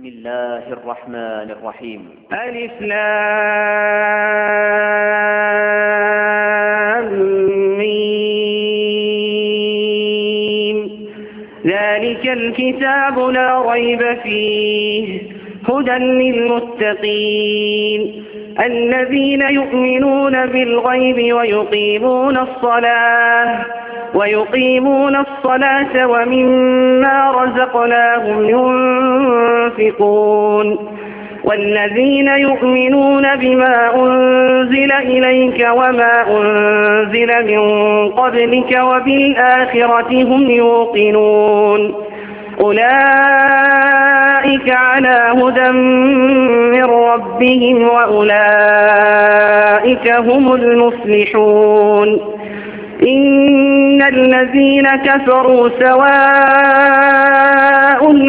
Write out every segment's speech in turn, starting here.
بسم الله الرحمن الرحيم ألف لام ذلك الكتاب لا ريب فيه هدى للمتقين الذين يؤمنون بالغيب ويقيمون الصلاة ويقيمون الصلاة ومما رزقناهم ينفقون والذين يؤمنون بما أنزل إليك وما أنزل من قبلك وبالآخرة هم يوقنون أولئك على هدى من ربهم وأولئك هم المفلحون إن الذين كفروا سواء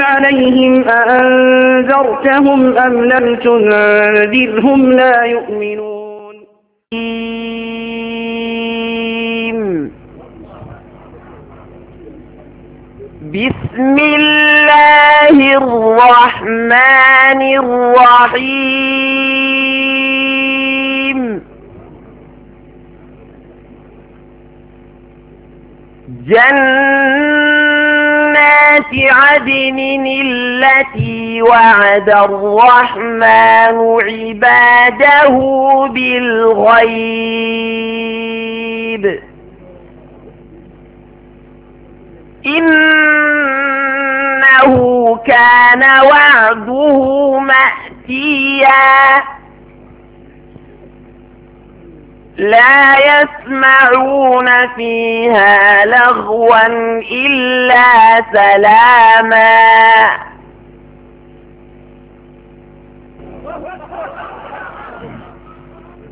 عليهم أأنذرتهم أم لم تنذرهم لا يؤمنون بسم الله الرحمن الرحيم جنات عدن التي وعد الرحمن عباده بالغيب إنه كان وعده مأتياً لا يسمعون فيها لغوا إلا سلاما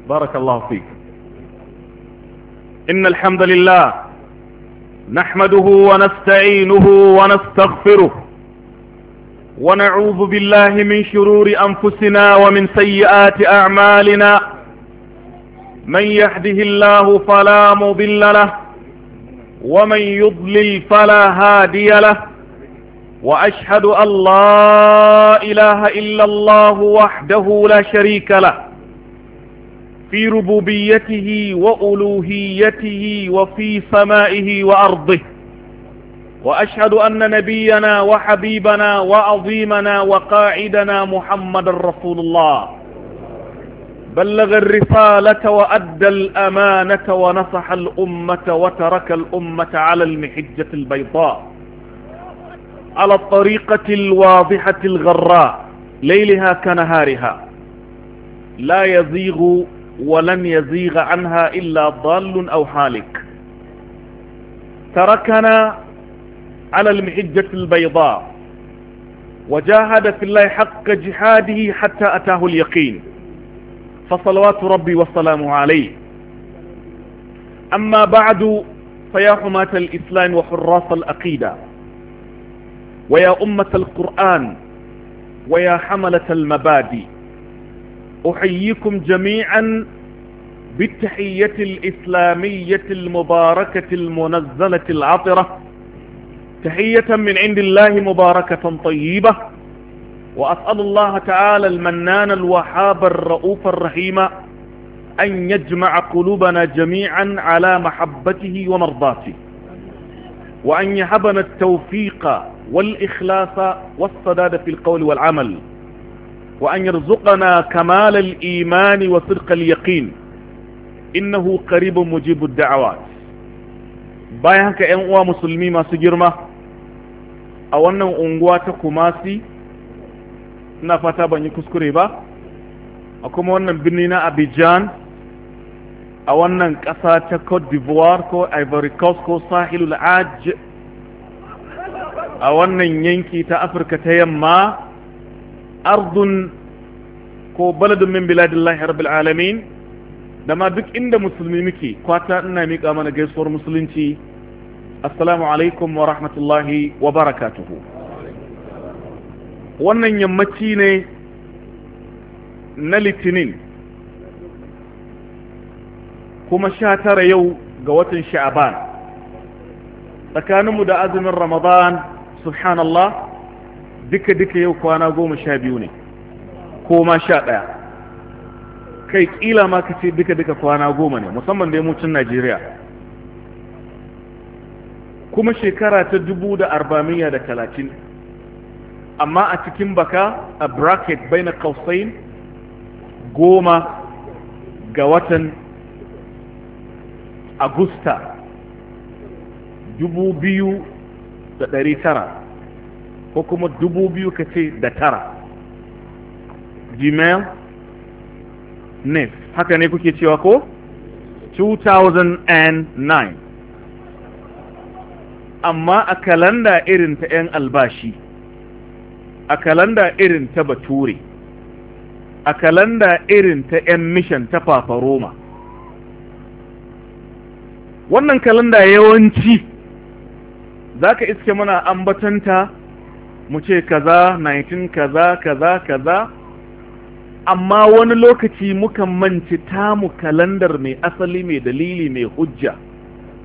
بارك الله فيك إن الحمد لله نحمده ونستعينه ونستغفره ونعوذ بالله من شرور أنفسنا ومن سيئات أعمالنا من يهده الله فلا مضل له ومن يضلل فلا هادي له وأشهد أن لا إله إلا الله وحده لا شريك له في ربوبيته وألوهيته وفي سمائه وأرضه وأشهد أن نبينا وحبيبنا وعظيمنا وقاعدنا محمد رسول الله بلغ الرسالة وأدى الأمانة ونصح الأمة وترك الأمة على المحجة البيضاء على الطريقة الواضحة الغراء ليلها كنهارها لا يزيغ ولن يزيغ عنها إلا ضال أو حالك تركنا على المحجة البيضاء وجاهد في الله حق جهاده حتى أتاه اليقين فصلوات ربي والسلام عليه أما بعد فيا حماة الإسلام وحراس الأقيدة ويا أمة القرآن ويا حملة المبادئ أحييكم جميعا بالتحية الإسلامية المباركة المنزلة العطرة تحية من عند الله مباركة طيبة وأسأل الله تعالى المنان الوهاب الرؤوف الرحيم أن يجمع قلوبنا جميعا على محبته ومرضاته وأن يهبنا التوفيق والإخلاص والصداد في القول والعمل وأن يرزقنا كمال الإيمان وصدق اليقين إنه قريب مجيب الدعوات بايهنك haka مسلمين ما سجرمه masu girma a ina fata ban yi kuskure ba a kuma wannan birni na abidjan a wannan ƙasa ta cote d'ivoire ko ivory coast ko sahilul aj a wannan yanki ta afirka ta yamma ardun ko baladun min biladillahi rabbil alamin da ma duk inda musulmi muke kwata ina miƙa mana gaisuwar musulunci assalamu alaikum wa rahmatullahi wa barakatuhu wannan yammaci ne na litinin kuma sha tara yau ga watan sha'aban tsakaninmu da azumin ramadan subhanallah duka-duka yau kwana goma sha biyu ne ko ma sha ɗaya kai ƙila ma ka ce duka-duka kwana goma ne musamman da yammacin najeriya kuma shekara ta dubu da miya da talatin amma a cikin baka a bracket bai na kausain goma ga watan agusta dubu biyu da dari tara ko kuma dubu biyu ka ce da tara gmail nef haka ne kuke cewa ko 2009 amma a kalanda irin ta 'yan albashi a kalanda irin ta bature a kalanda irin ta 'yan mishan ta fafaroma wannan kalanda yawanci za ka iske mana ambatanta mu ce kaza 19 kaza kaza kaza amma wani lokaci mukan manci tamu kalandar mai asali mai dalili mai hujja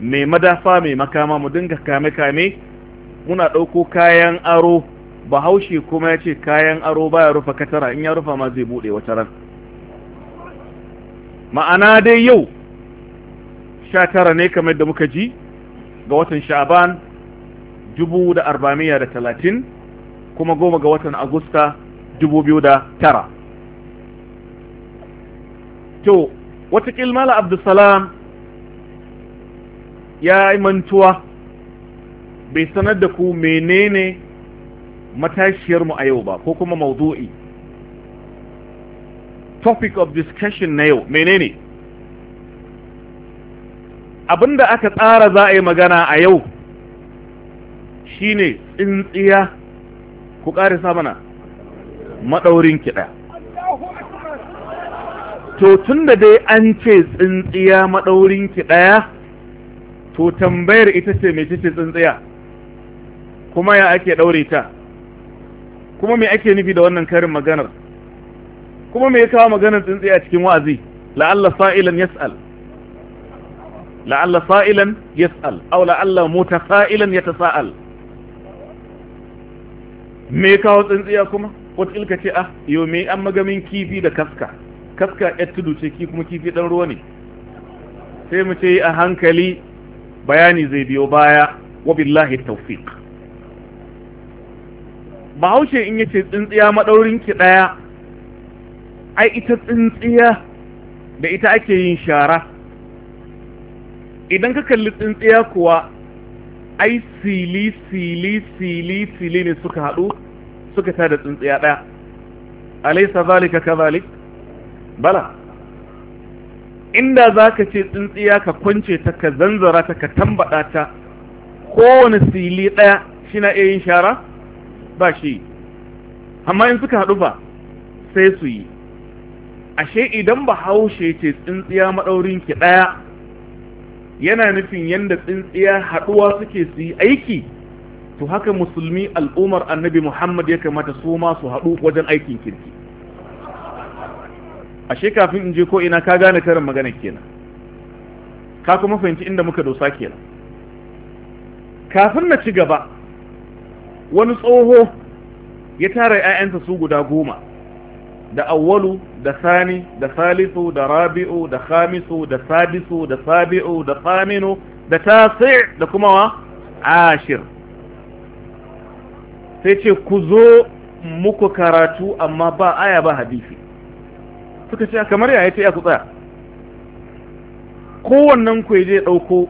mai madafa mai makama mu dinga kame-kame muna ɗauko kayan aro bahaushe kuma ya ce kayan aro baya rufa katara in ya rufa ma zai buɗe wata ran ma'ana dai yau sha tara ne kamar da muka ji ga watan sha'aban dubu da arba'amiya da talatin kuma goma ga watan agusta dubu biyu da tara to wata mala abdulsalam ya yi mantuwa bai sanar da ku menene matashiyarmu a yau ba ko kuma maudu'i topic of discussion na yau menene abinda aka tsara za a yi magana a yau shine tsintsiya ku ƙarisa mana maɗaurin kiɗa to tun da dai an ce tsintsiya maɗaurin kiɗaya to tambayar ita ce mai ce tsintsiya kuma ya ake ɗaure ta kuma me ake nufi da wannan karin maganar kuma me ya kawo maganar tsuntsaye a cikin wa'azi la'alla sa'ilan yas'al la'alla sa'ilan yas'al aw la'alla mutasa'ilan yatasa'al me ya kawo tsuntsaye kuma wata ilka ce ah yo me an magamin kifi da kaska kaska ya tudu ce ki kuma kifi dan ruwa ne sai mu ce a hankali bayani zai biyo baya Wabillahi billahi tawfiq bahaushe in yace tsintsiya maɗaurin ki ɗaya ai ita tsintsiya da ita ake yin shara idan ka kalli tsintsiya kuwa ai sili sili sili sili ne suka haɗu suka da tsintsiya ɗaya alaisa zalika kazalik bala inda za ka ce tsintsiya ka kwance ta ka zanzara ta ka tambaɗa ta kowane sili ɗaya shi na iya yin shara ba shi amma in suka haɗu ba sai su yi ashe idan ba haushe ce tsintsiya maɗaurin ki ɗaya yana nufin yadda tsintsiya haɗuwa suke su yi aiki to haka musulmi al'ummar annabi muhammad ya kamata su ma su haɗu wajen aikin kirki ashe kafin in je ko ina ka gane karin magana kenan ka kuma fahimci inda muka dosa kenan kafin na ci gaba wani tsoho ya tara ‘ya'yansa su guda goma da awwalu da sani da salisu da rabi'u da khamisu da sadisu da sabi'u da saminu da tasi da kuma wa ashir sai ce ku zo muku karatu amma ba aya ba hadisi suka ce kamar yaya ce ya ku tsaya kowannen ku je ɗauko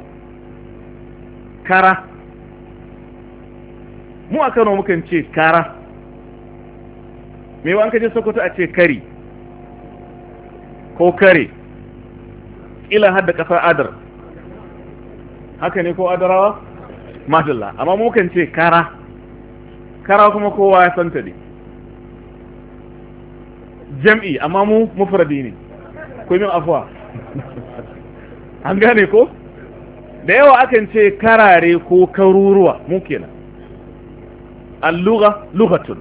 kara mu a Kano mukan ce kara me wa an kaje Sokoto a ce kari ko kare ila hadda kasar adar haka ne ko adarawa madalla amma mu kan ce kara kara kuma kowa ya santa ne jam'i amma mu mufradi ne ku min afwa an gane ko da yawa akan ce karare ko karuruwa mu kenan allura lugatun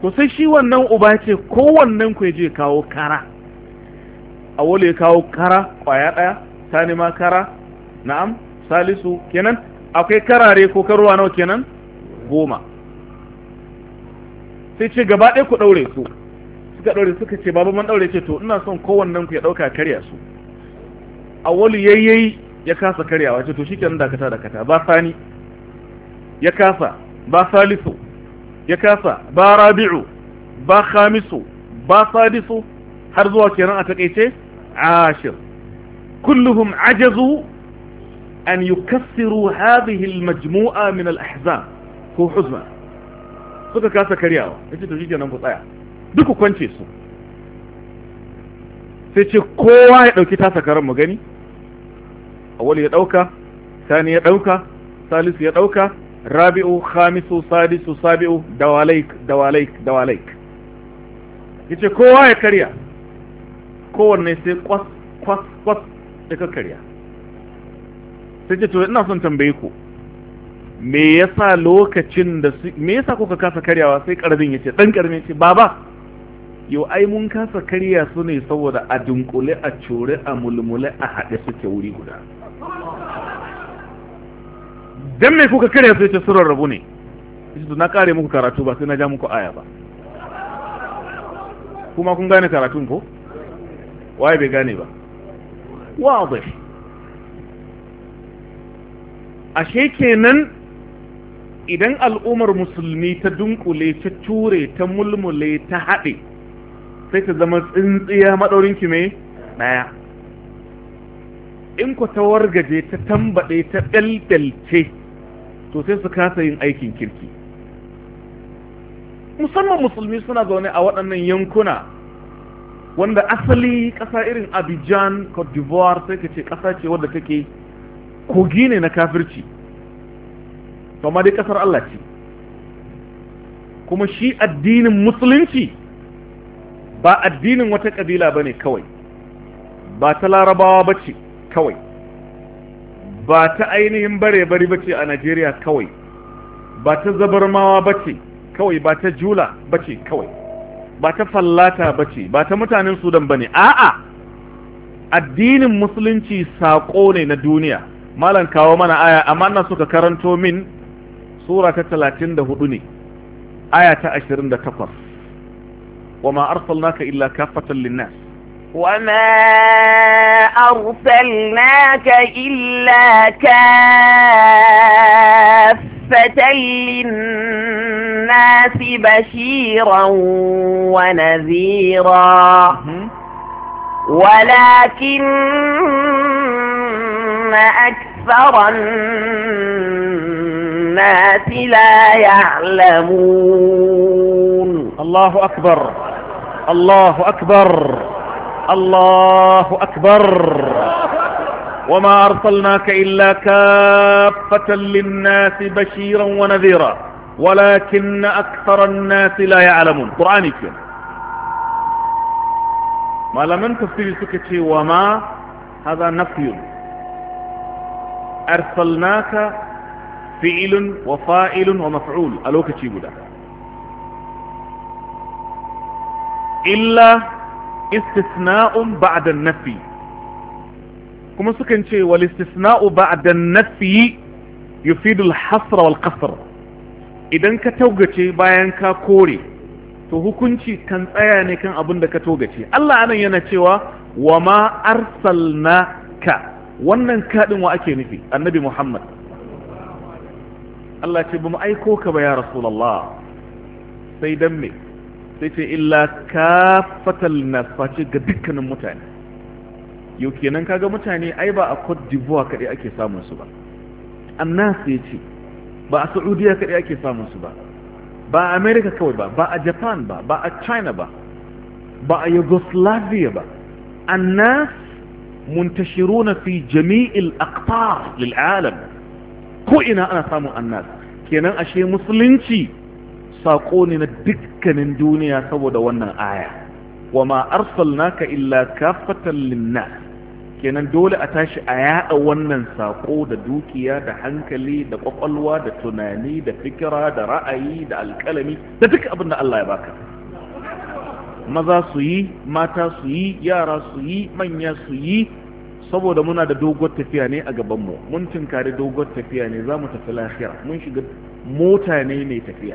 Ku sai shi wannan uba ce kowannen ku je kawo kara a wale kawo kara kwaya daya ta ma kara na'am salisu kenan akwai karare ko karuwa nawa kenan goma sai ce gaba ɗaya ku ɗaure su suka ɗaure suka ce babu man ɗaure ce to ina son kowannen ku ya ɗauka karya su a wali yayyayi ya kasa karyawa ce to shi kenan dakata dakata ba sani ya kasa با ثالث كاسا با رابع با خامس با سادس حرزوا كنا عاشر كلهم عجزوا أن يكسروا هذه المجموعة من الأحزان هو حزمة سوكا كاسا كرياو ايش تجيجي انا مبطايا دوكو كونتي سو سيتي كوا يدوكي تاسا كرام مغاني اولي يدوكا ثاني يدوكا ثالث يدوكا rabi'u khamisu sadisu sabi'u dawalaik dawalaik dawalaik yace kowa ya karya kowanne sai kwas kwas kwas da ka karya sai ce to ina son tambaye ku me yasa lokacin da su me yasa kuka kasa karyawa sai karbin yace dan karbin yace baba yau ai mun kasa karya su ne saboda a dunkule a cure a mulmule a haɗe suke wuri guda dan me kuka kare su yace surar rabu ne yace to na kare muku karatu ba sai na ja muku aya ba kuma kun gane karatun ko waye bai gane ba wadih ashe kenan idan al'ummar musulmi ta dunkule ta ture ta mulmule ta haɗe sai ta zama tsintsiya maɗaurin ki mai ɗaya in ku ta wargaje ta tambaɗe ta ɗalɗalce to sai su kasa yin aikin kirki musamman musulmi suna zaune a waɗannan yankuna wanda asali ƙasa irin abidjan cote d'ivoire sai ka ce ƙasa ce wadda take kogi ne na kafirci amma dai ƙasar allah ce kuma shi addinin musulunci ba addinin wata ƙabila ba ne kawai ba ta larabawa ba ce kawai ba ta ainihin bare bari ce a Najeriya kawai ba ta zabarmawa ce kawai ba ta jula ba ce kawai ba ta fallata ba ce. ba ta mutanen Sudan ba ne. a'a addinin musulunci saƙo ne na duniya malam kawo mana aya amma suka karanto min sura ta talatin da hudu ne aya ta ashirin da takwas. wa ma arsalnaka illa kafatan linnas وما أرسلناك إلا كافة للناس بشيرا ونذيرا ولكن أكثر الناس لا يعلمون الله أكبر الله أكبر الله أكبر وما أرسلناك إلا كافة للناس بشيرا ونذيرا ولكن أكثر الناس لا يعلمون قرآن كيوم ما لم تفسير سكتي وما هذا نفي أرسلناك فعل وفائل ومفعول ألوك تشيبو إلا istisna'un ba'da nafi kuma sukan ce wal istisna'u ba'da nafi yufidu al-hasra wal qasr idan ka taugace bayan ka kore to hukunci kan tsaya ne kan abin da ka togace Allah anan yana cewa wa ma arsalnaka wannan kadin wa ake nufi annabi Muhammad Allah ce bamu aiko ka ba ya Rasulullah sai dan me sai sai illa kafatal na face ga dukkanin mutane yau kenan kaga mutane ai ba a cote d'ivoire kaɗai ake samun su ba annas ya ce ba a saudiya kaɗai ake samun su ba ba a america kawai ba ba a japan ba ba a china ba ba a yugoslavia ba annas muntashiruna fi jami'il aqtar lil alam ko ina ana samun annas kenan ashe musulunci saƙo ne na dukkanin duniya saboda wannan aya wa ma arsalnaka illa kafatan linna? kenan dole a tashi a yada wannan saƙo da dukiya da hankali da kwakwalwa da tunani da fikira da ra'ayi da alƙalami da duk abin da Allah ya baka maza su yi mata su yi yara su yi manya su yi saboda muna da doguwar tafiya ne a gabanmu mun tunkari doguwar tafiya ne za mu tafi lafiya mun shiga mota ne mai tafiya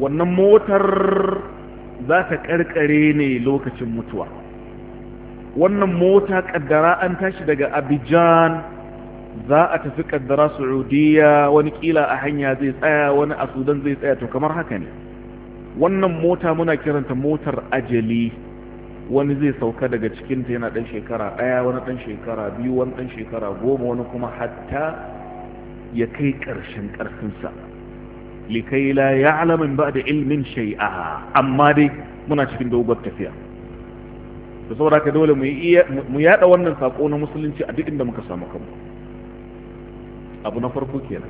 wannan motar za ta karkare ne lokacin mutuwa wannan mota kaddara an tashi daga abijan za a tafi kaddara saudiya wani kila a hanya zai tsaya wani a sudan zai tsaya to kamar haka ne wannan mota muna kiranta motar ajali wani zai sauka daga cikinta yana ɗan shekara ɗaya wani ɗan shekara biyu wani ɗan shekara goma wani kuma hatta ya kai ƙarshen ƙarfinsa likai la ya'lamu min ba'da ilmin shay'a amma dai muna cikin dogon tafiya da saboda ka dole mu yada wannan sako na musulunci a duk inda muka samu kanmu abu na farko kenan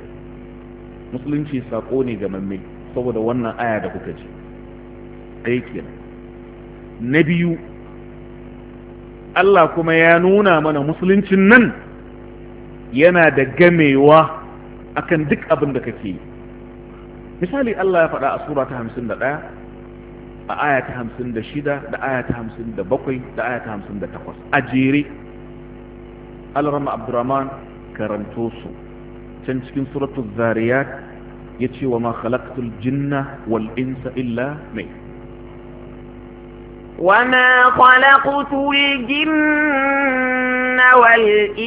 musulunci sako ne ga mamme saboda wannan aya da kuka ji ɗaya kenan na biyu Allah kuma ya nuna mana musuluncin nan yana da gamewa akan duk abin da kake yi misali Allah ya faɗa a sura ta 51 a aya ta 56 da aya ta 57 da aya ta 58 a jere Al-Rama Abdurrahman karanto su can cikin suratul Zariyat yace wa ma khalaqtul jinna wal insa illa mai وما خلقت الجن والإنس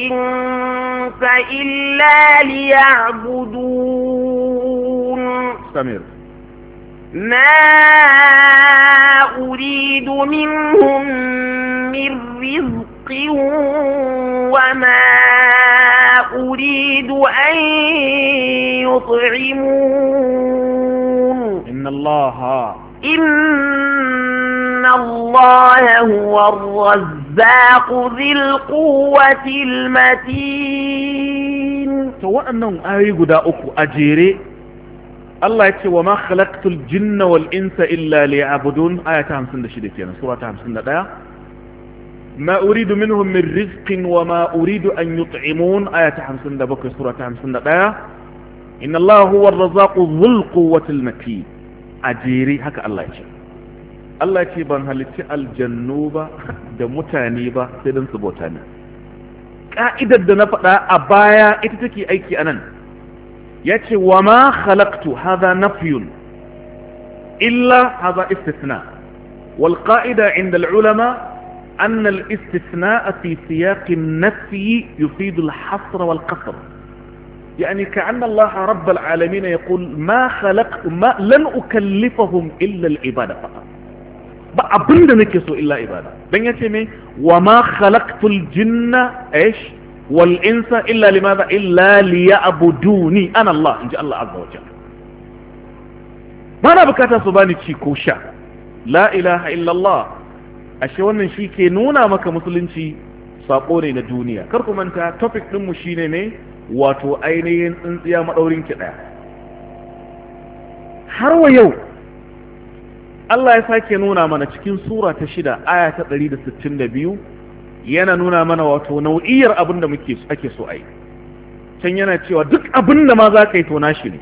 إلا ليعبدون مستمر ما أريد منهم من رزق وما أريد أن يطعمون إن الله إن الله هو الرزاق ذي القوة المتين سواء أنهم أريد أجيري Allah ya ce wa ma khalaqtul jinna wal insa illa liya'budun aya ta 56 kenan sura ta 51 ma uridu minhum min rizqin wa ma uridu an yut'imun aya ta 57 sura ta 51 inna Allah huwa ar-razzaqu dhul quwwati al-matin ajiri haka Allah ya ce Allah ya ce ban halicci aljannu ba da mutane ba sai dan su bauta ne ka'idar da na faɗa a baya ita take aiki anan يأتي وما خلقت هذا نفي إلا هذا استثناء istithna عند العلماء أن الاستثناء في سياق النفي يفيد الحصر والقصر يعني كأن الله رب العالمين يقول ما خلق ما لن أكلفهم إلا العبادة فقط بأبند نكسوا إلا عبادة بنيتي يتمي وما خلقت الجن إيش wal insa illa limadha illa liya'buduni ana Allah inji Allah azza wa jalla bana bukata su bani ci ko sha la ilaha illallah ashe wannan shi ke nuna maka musulunci sako ne na duniya kar ku manta tofik din mu shine ne wato ainihin tsintsiya madaurin ki daya har wa yau Allah ya sake nuna mana cikin sura ta shida sittin da biyu. yana nuna mana wato nau'iyar abin da muke ake so a yi can yana cewa duk abin da ma za ka yi to shi ne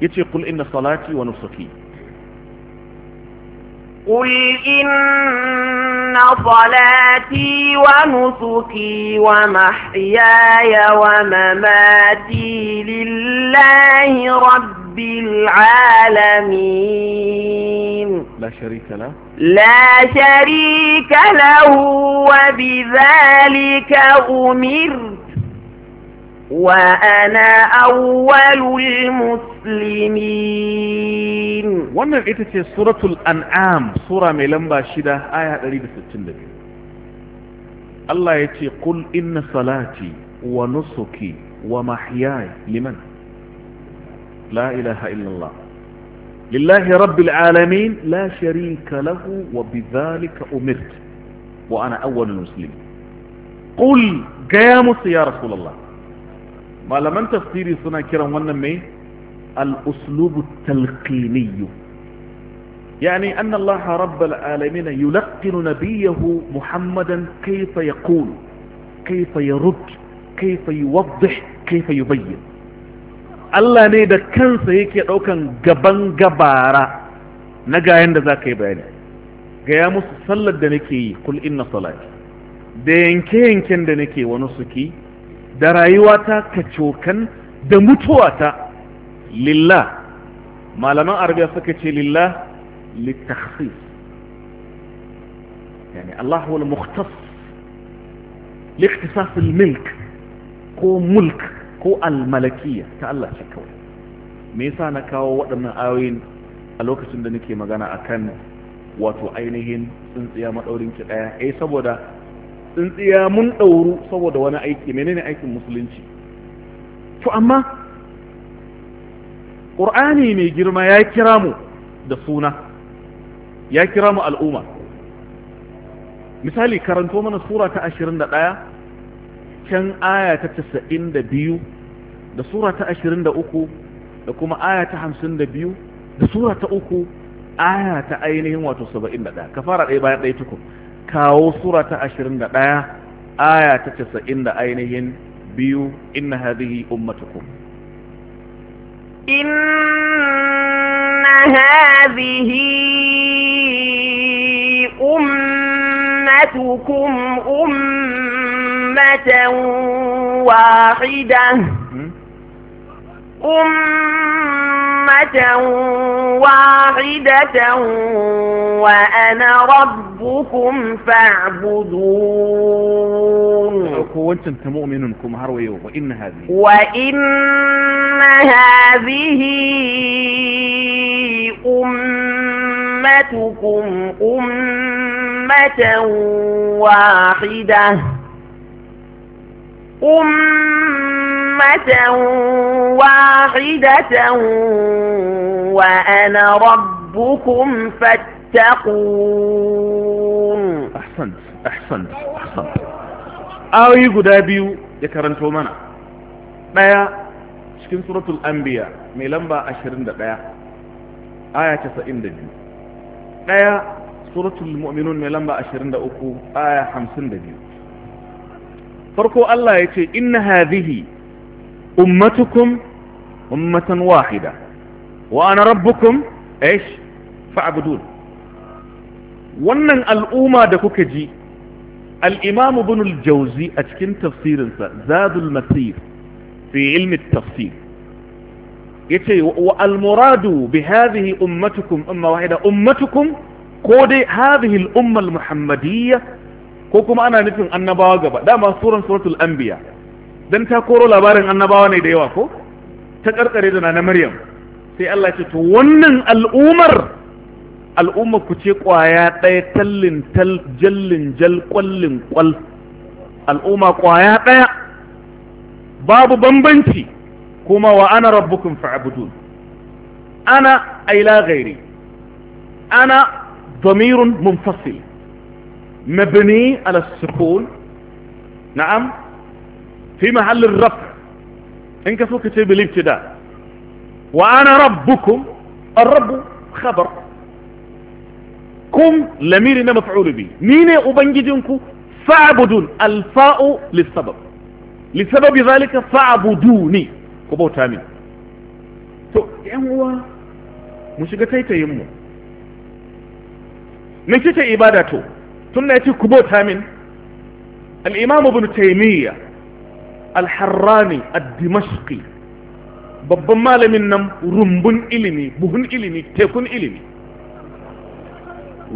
ya ce kul inna salati wa nusuki قل إن صلاتي ونسكي ومحياي ومماتي لله رب رب العالمين لا شريك له لا شريك له وبذلك أمرت وأنا أول المسلمين وانا قلت سورة الأنعام سورة ميلمبا شدة آية قريبة ستندر الله يتي قل إن صلاتي ونسكي ومحياي لمن؟ لا إله إلا الله لله رب العالمين لا شريك له وبذلك أمرت وأنا أول المسلمين قل قيامس يا رسول الله ما لم تفسيري صنع كرام ونمي إيه؟ الأسلوب التلقيني يعني أن الله رب العالمين يلقن نبيه محمدا كيف يقول كيف يرد كيف يوضح كيف يبين Allah ne da kansa yake ɗaukan gaban gabara na gayan da za ka yi bayani gaya musu sallar da nake yi kul inna salati da yanke-yanken da nake wani suki da rayuwata ka cokan da mutuwata lillah malaman arabiya suka ce lillah littakhsis yani Allah wal mukhtas liktisas milk ko mulk ko almalakiya ta Allah ce kawai me yasa na kawo waɗannan ayoyin a lokacin da nake magana akan wato ainihin tsintsiya madaurin ki daya eh saboda tsintsiya mun ɗauru saboda wani aiki menene aikin musulunci to amma Qur'ani mai girma ya kira mu da suna ya kira mu al'umma misali karanto mana sura ta 21 can aya ta 92 da sura ta 23 da kuma aya ta 52 da sura ta 3 aya ta ainihin wato saba'in da ɗaya. ka fara ɗaya bayan ɗaya tukun kawo sura ta 21 aya ta casa'in da ainihin biyu In na hadhihi yi inna hadhihi ummatukum ummatan wahida أمة واحدة وأنا ربكم فاعبدون وانت مؤمنكم هروي وإن هذه وإن هذه أمتكم أمة واحدة أمة أمة واحدة وأنا ربكم فاتقون أحسنت أحسنت أحسنت آوي آه، قدابيو يكرنتو منا بيا شكين سورة الأنبياء ميلمبا دا بيا آية تسعين دقيا بيا سورة المؤمنون ميلمبا دا أكو آية حمسين دا farko Allah الله ce إن هذه ummatukum ummatan wahida wa ana rabbukum aish fa'budun wannan al'umma da kuka ji al-imam ibn a cikin tafsirinsa zadul masir fi ilmi tafsir yace wa al-muradu bi hadhihi ummatukum umma wahida ummatukum ko dai hadhihi al muhammadiyya ko kuma ana nufin annabawa gaba dama suran suratul anbiya dan ta koro labarin annabawa ne da yawa ko ta karkare da na Maryam sai Allah ya ce to wannan al'umar al'umma ku ce kwaya ɗaya tallin tal jallin jal kwallin kwal al'umma kwaya ɗaya babu bambanci kuma wa ana rabbukum fa'budun ana ay la ghairi ana ضمير منفصل مبني على السكون نعم في محل الرفع انك كسوك شيء وأنا ربكم الرب خبر كم لمير مفعول به مين أبنجدنكم فاعبدون الفاء للسبب لسبب ذلك فاعبدوني كبو تامين تو yanwa mu shiga taitayin mu me kike ibada to tun na yace ku bauta min alharrami ad-dimashqi babban malamin nan rumbun ilimi buhun ilimi tekun ilimi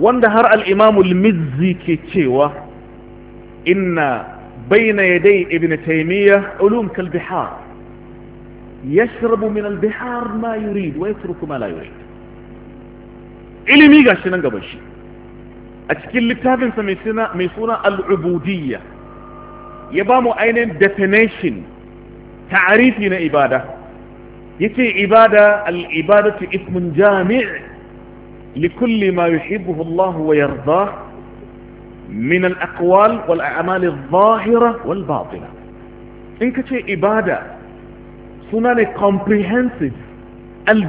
wanda har al-imamu mizzi ke cewa inna bayna yaday ibn taymiyyah ulum kal bihar يشرب من البحار ما يريد ويترك ما لا يريد ilimi gashi nan gaban shi a cikin littafinsa mai suna al'ubudiyya ya ba mu ainihin definition ta'arifi na ibada yace ibada alibadatu ismun jami' likulli ma yuhibbuhu Allah wa yardah min al wal a'mal adh wal batina in kace ibada suna ne comprehensive al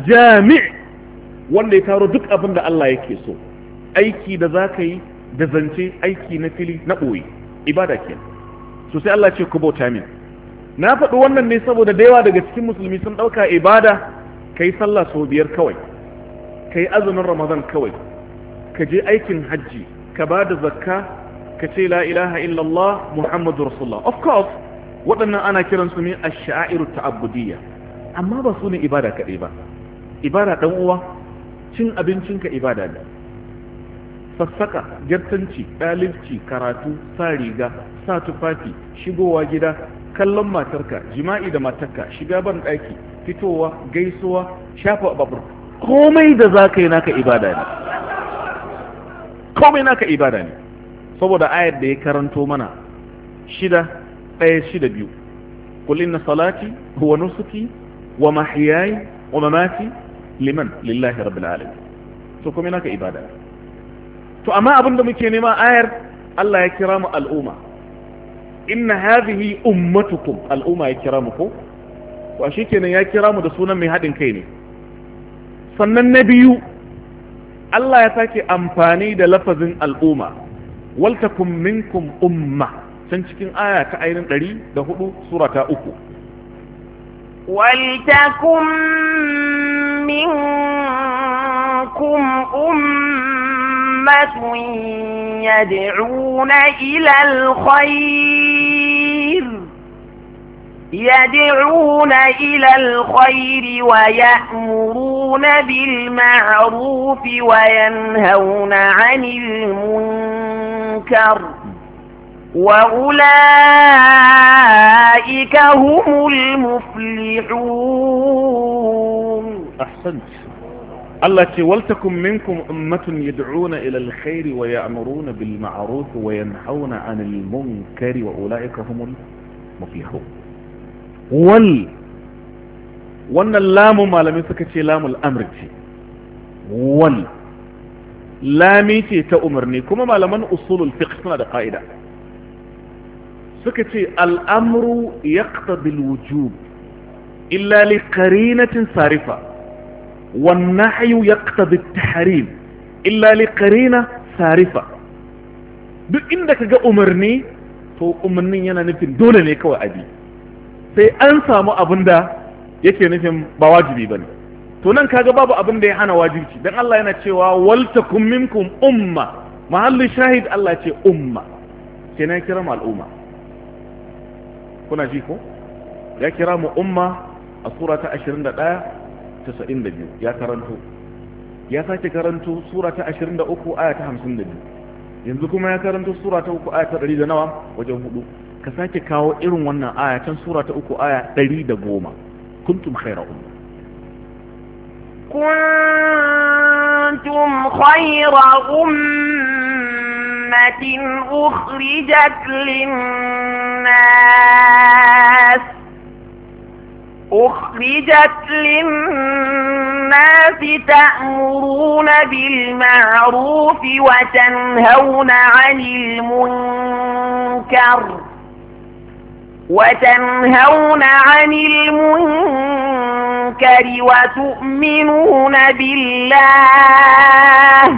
wanda ya taro duk abin da Allah yake so aiki da zaka yi da zance aiki na fili na boye ibada kenan Sosai sai Allah ce ku bauta min na faɗi wannan ne saboda da yawa daga cikin musulmi sun ɗauka ibada kai sallah sau biyar kawai kai azumin ramadan kawai ka je aikin hajji ka ba da zakka ka ce la ilaha illallah muhammadu rasulullah of course waɗannan ana kiran su ne a sha'iru ta'abudiyya amma ba su ne ibada kaɗai ba ibada ɗan uwa cin abincinka ibada ne sassaka gyartanci ɗalibci karatu sa riga sa tufafi shigowa gida kallon matarka jima'i da matarka shiga ban ɗaki fitowa gaisuwa shafa babur komai da za ka yi naka ibada ne komai naka ibada ne saboda ayar da ya karanto mana shida ɗaya shida biyu قل إن صلاتي هو نسكي ومحياي ومماتي liman lillahi rabbil alamin to komai naka ibada to amma abin da muke nema ayar Allah ya kira mu al'umma inna hadhihi ummatukum al'umma ya kira mu ko to ashe kenan ya kira mu da sunan mai hadin kai ne sannan na biyu Allah ya sake amfani da lafazin al'umma waltakum minkum umma can cikin aya ta ainin 104 sura ta 3 waltakum minkum umma أمة يدعون إلى الخير يدعون إلى الخير ويأمرون بالمعروف وينهون عن المنكر وأولئك هم المفلحون أحسنت الله تي ولتكن منكم أمة يدعون إلى الخير ويأمرون بالمعروف وينحون عن المنكر وأولئك هم المفلحون ول وان اللام ما لم يسكتي لام الأمر تي وال لامي تي تأمرني كما ما لمن أصول الفقه سنة قائدة سكتي الأمر يقتضي الوجوب إلا لقرينة صارفة والنحي يقتضي التحريم إلا لقرينة sarifa, duk inda ka ga umarni to umarnin yana nufin dole ne kawai abi sai an samu abin da yake nufin ba wajibi ba ne, to nan kaga babu abin da ya hana wajibci dan Allah yana cewa wal minkum umma mahallu shahid Allah ce umma kenan kira mu al'umma kuna ji ko ya kira mu umma a sura ta 21 92 ya karanto ya sake karanto sura ta 23 aya ta 52 yanzu kuma ya karanto sura ta 3 aya ta 100 da nawa wajen hudu ka sake kawo irin wannan aya can sura ta 3 aya 110 kuntum khayra umma kuntum khayra ummatin ukhrijat lin-nas أخرجت للناس تأمرون بالمعروف وتنهون عن المنكر وتنهون عن المنكر وتؤمنون بالله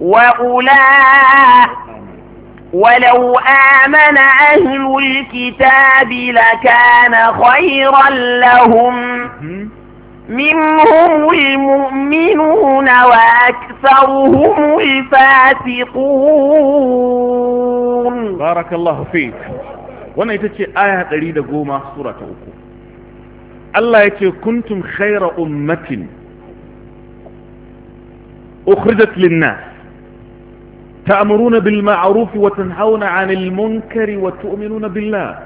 وأولئك ولو آمن أهل الكتاب لكان خيرا لهم منهم المؤمنون وأكثرهم الفاسقون بارك الله فيك وانا يتشي آية قريدة قوما سورة أكو الله يتشي كنتم خير أمة أخرجت للناس تأمرون بالمعروف وتنهون عن المنكر وتؤمنون بالله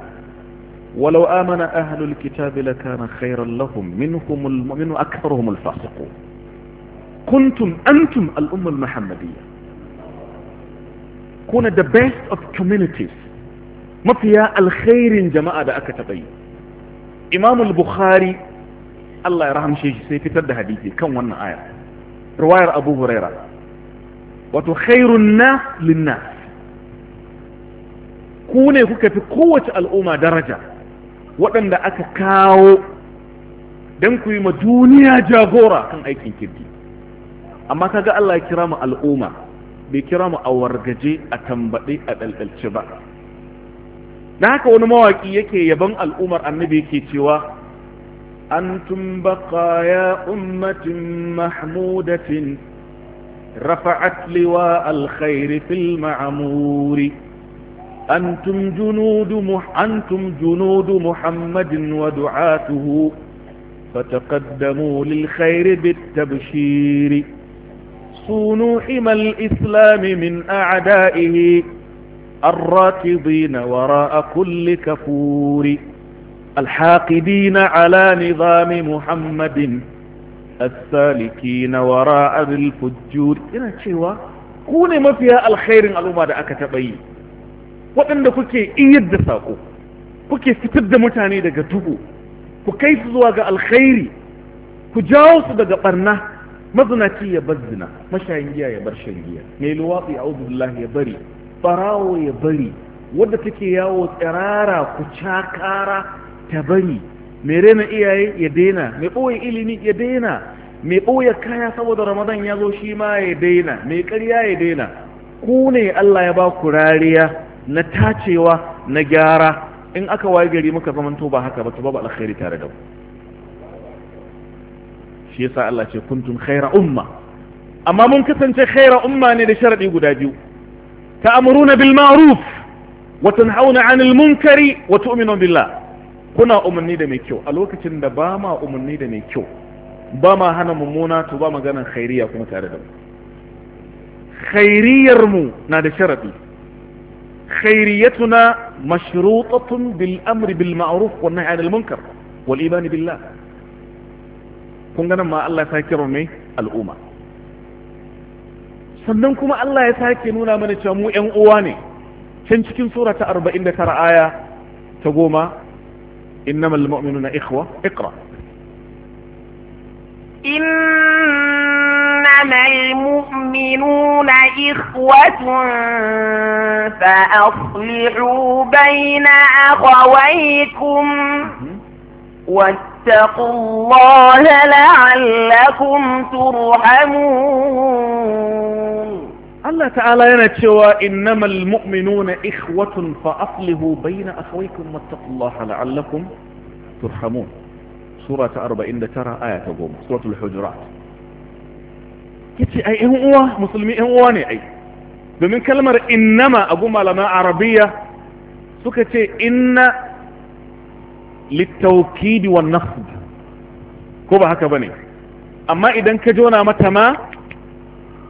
ولو آمن أهل الكتاب لكان خيرا لهم منهم المؤمن أكثرهم الفاسقون كنتم أنتم الأمة المحمدية كون the best of communities مطيا الخير جماعة دعك أكتبين إمام البخاري الله يرحم شيء سيفتد حديثي كم ون آية رواية أبو هريرة wato khairun nas lin nas ku ne kuka fi kowace al'umma daraja waɗanda aka kawo dan ku yi ma duniya jagora kan aikin kirki amma kaga Allah ya kira mu al'umma bai kira mu a wargaje a tambaɗe a ɗalɗalce ba na haka wani mawaki yake yaban al'ummar annabi yake cewa antum baqaya ummatin mahmudatin رفعت لواء الخير في المعمور أنتم جنود, مح أنتم جنود محمد ودعاته فتقدموا للخير بالتبشير صونوا حمى الإسلام من أعدائه الراكضين وراء كل كفور الحاقدين على نظام محمد Asaliki saliki wara abin fujjur ina cewa ku ne mafiya alkhairin al'umma da aka taɓa yi waɗanda kuke iyar da saƙo kuke fitar da mutane daga duhu ku kai su zuwa ga alkhairi ku jawo su daga ɓarna mazinaci ya bar mashayin giya ya bar shan giya mai luwatsi a uzubillah ya bari ɓarawo ya bari wadda take yawo tsirara ku cakara ta bari mai rena iyaye ya daina mai ɓoye ilimi ya daina mai ɓoye kaya saboda ramadan ya zo shi ma ya daina mai ƙarya ya daina ku ne allah ya ba ku rariya na tacewa na gyara in aka waye gari muka zamanto ba haka ba to babu alkhairi tare da ku shi yasa allah ce kuntum khaira umma amma mun kasance khaira umma ne da sharadi guda biyu Ta ta'muruna bil ma'ruf wa tanhauna 'anil munkari wa tu'minuna billah kuna umarni da mai kyau a lokacin da ba ma umarni da mai kyau ba ma hana mummuna to ba maganan khairiya kuma tare da mu khairiyar mu na da sharadi khairiyatuna mashrutatun bil amri bil ma'ruf wa nahy anil munkar wal iman billah kun ganin ma Allah ya sake mai al'umma sannan kuma Allah ya sake nuna mana cewa mu ƴan uwa ne can cikin sura ta 49 aya ta goma إنما المؤمنون إخوة اقرأ إنما المؤمنون إخوة فأصلحوا بين أخويكم واتقوا الله لعلكم ترحمون الله تعالى ينتشوى إنما المؤمنون إخوة فأصله بين أخويكم واتقوا الله لعلكم ترحمون سورة أربع إن ترى آية تقوم سورة الحجرات كتي أي هو مسلمي هو أي بمن كلمة إنما أقوم على ما عربية سكتي إن للتوكيد والنصب كوبا هكا بني أما إذا كجونا متى ما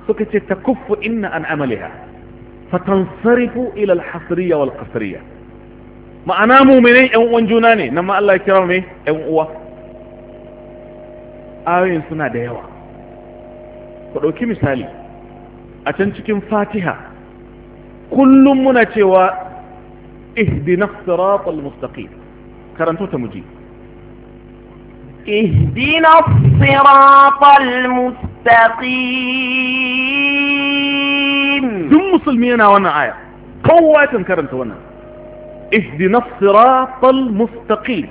تكتش تكف إن عن عملها فتنصرف إلى الحصرية والقصرية ما أنا مؤمني وان أنجوناني نما الله يكرمني أو أوا آوين سنة ديوة فلو كي مثالي أتنشكم فاتحة كل منا تيوى اهدنا الصراط المستقيم كرنتو تمجي اهدنا الصراط المستقيم المستقيم دم مسلمي أنا وانا آية قوة كرنت وانا اهدنا الصراط المستقيم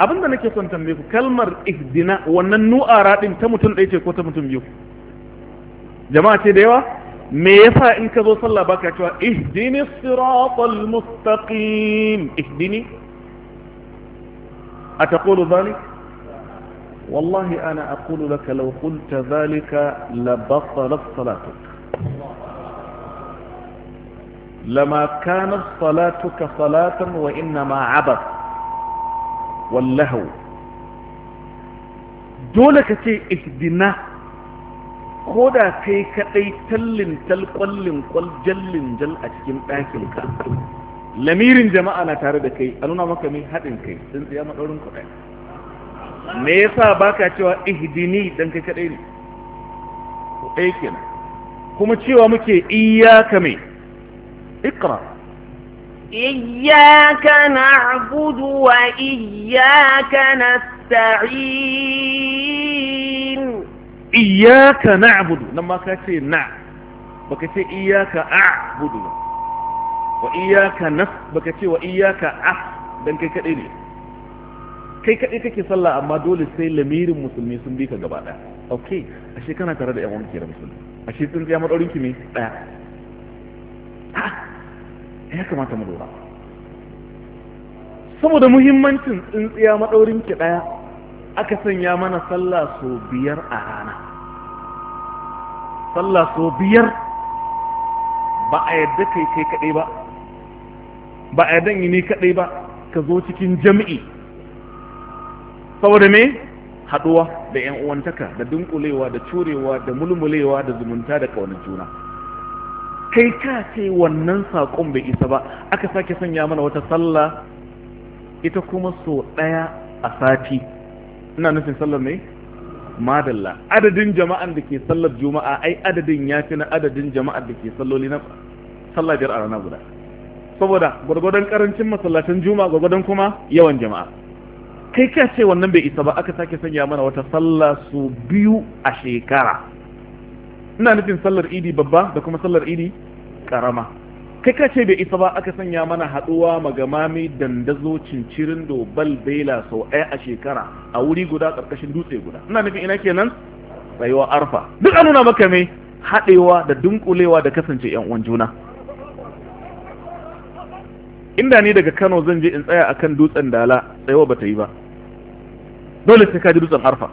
da nake son tambaye ku kalmar ihdina wannan nu'ara din ta mutum ɗaya ce ko ta mutum biyu jama'a ce da yawa me yasa in ka zo sallah baka cewa ihdini siratal mustaqim ihdini ataqulu dhalik والله أنا أقول لك لو قلت ذلك لبطلت صلاتك لما كانت صلاتك صلاة وإنما عبث واللهو دولك تي اهدنا خدا تي كأي تل تل قل قل جل جل أشكين تاكل كأم لمير جماعة نتاردكي أنونا مكمي هدنكي سنسي أما قولنكو أكي me yasa baka cewa ihdini dan kai kadai ne to dai kenan kuma cewa muke iyyaka me ikra iyyaka na'budu wa iyyaka nasta'in iyyaka na'budu nan ma ka ce na baka ce iyyaka a'budu wa iyyaka nas baka ce wa iyyaka ah dan kai kadai ne kai kaɗai kake sallah amma dole sai lamirin musulmi sun bi ka gaba ɗaya ok ashe kana tare da yawon kira musulmi ashe sun tsaya maɗaurin ki ne ɗaya ha ya kamata mu lura saboda muhimmancin tsintsiya maɗaurin ki ɗaya aka sanya mana sallah so biyar a rana sallah so biyar ba a yadda kai kai kaɗai ba ba a yadda yi ne kaɗai ba ka zo cikin jami'i saboda me haduwa da yan uwantaka da dunkulewa da curewa da mulmulewa da zumunta da kaunar juna kai ka ce wannan sakon bai isa ba aka sake sanya mana wata sallah ita kuma so daya a sati ina nufin sallar mai madalla adadin jama'an da ke sallar juma'a ai adadin ya fi na adadin jama'ar da ke salloli na sallah biyar a rana guda saboda gwargwadon karancin masallatan juma'a gwargwadon kuma yawan jama'a kai ka ce wannan bai isa ba aka sake sanya mana wata sallah su biyu a shekara ina nufin sallar idi babba da kuma sallar idi karama kai ka ce bai isa ba aka sanya mana haduwa magamami dandazo cincirin dobal bela sau ɗaya a shekara a wuri guda ƙarƙashin dutse guda ina nufin ina kenan tsayuwa arfa duk an nuna maka me haɗewa da dunkulewa da kasance yan uwan juna inda ni daga kano zan je in tsaya akan dutsen dala tsayawa bata yi ba dole sai ka ji dutsen arfa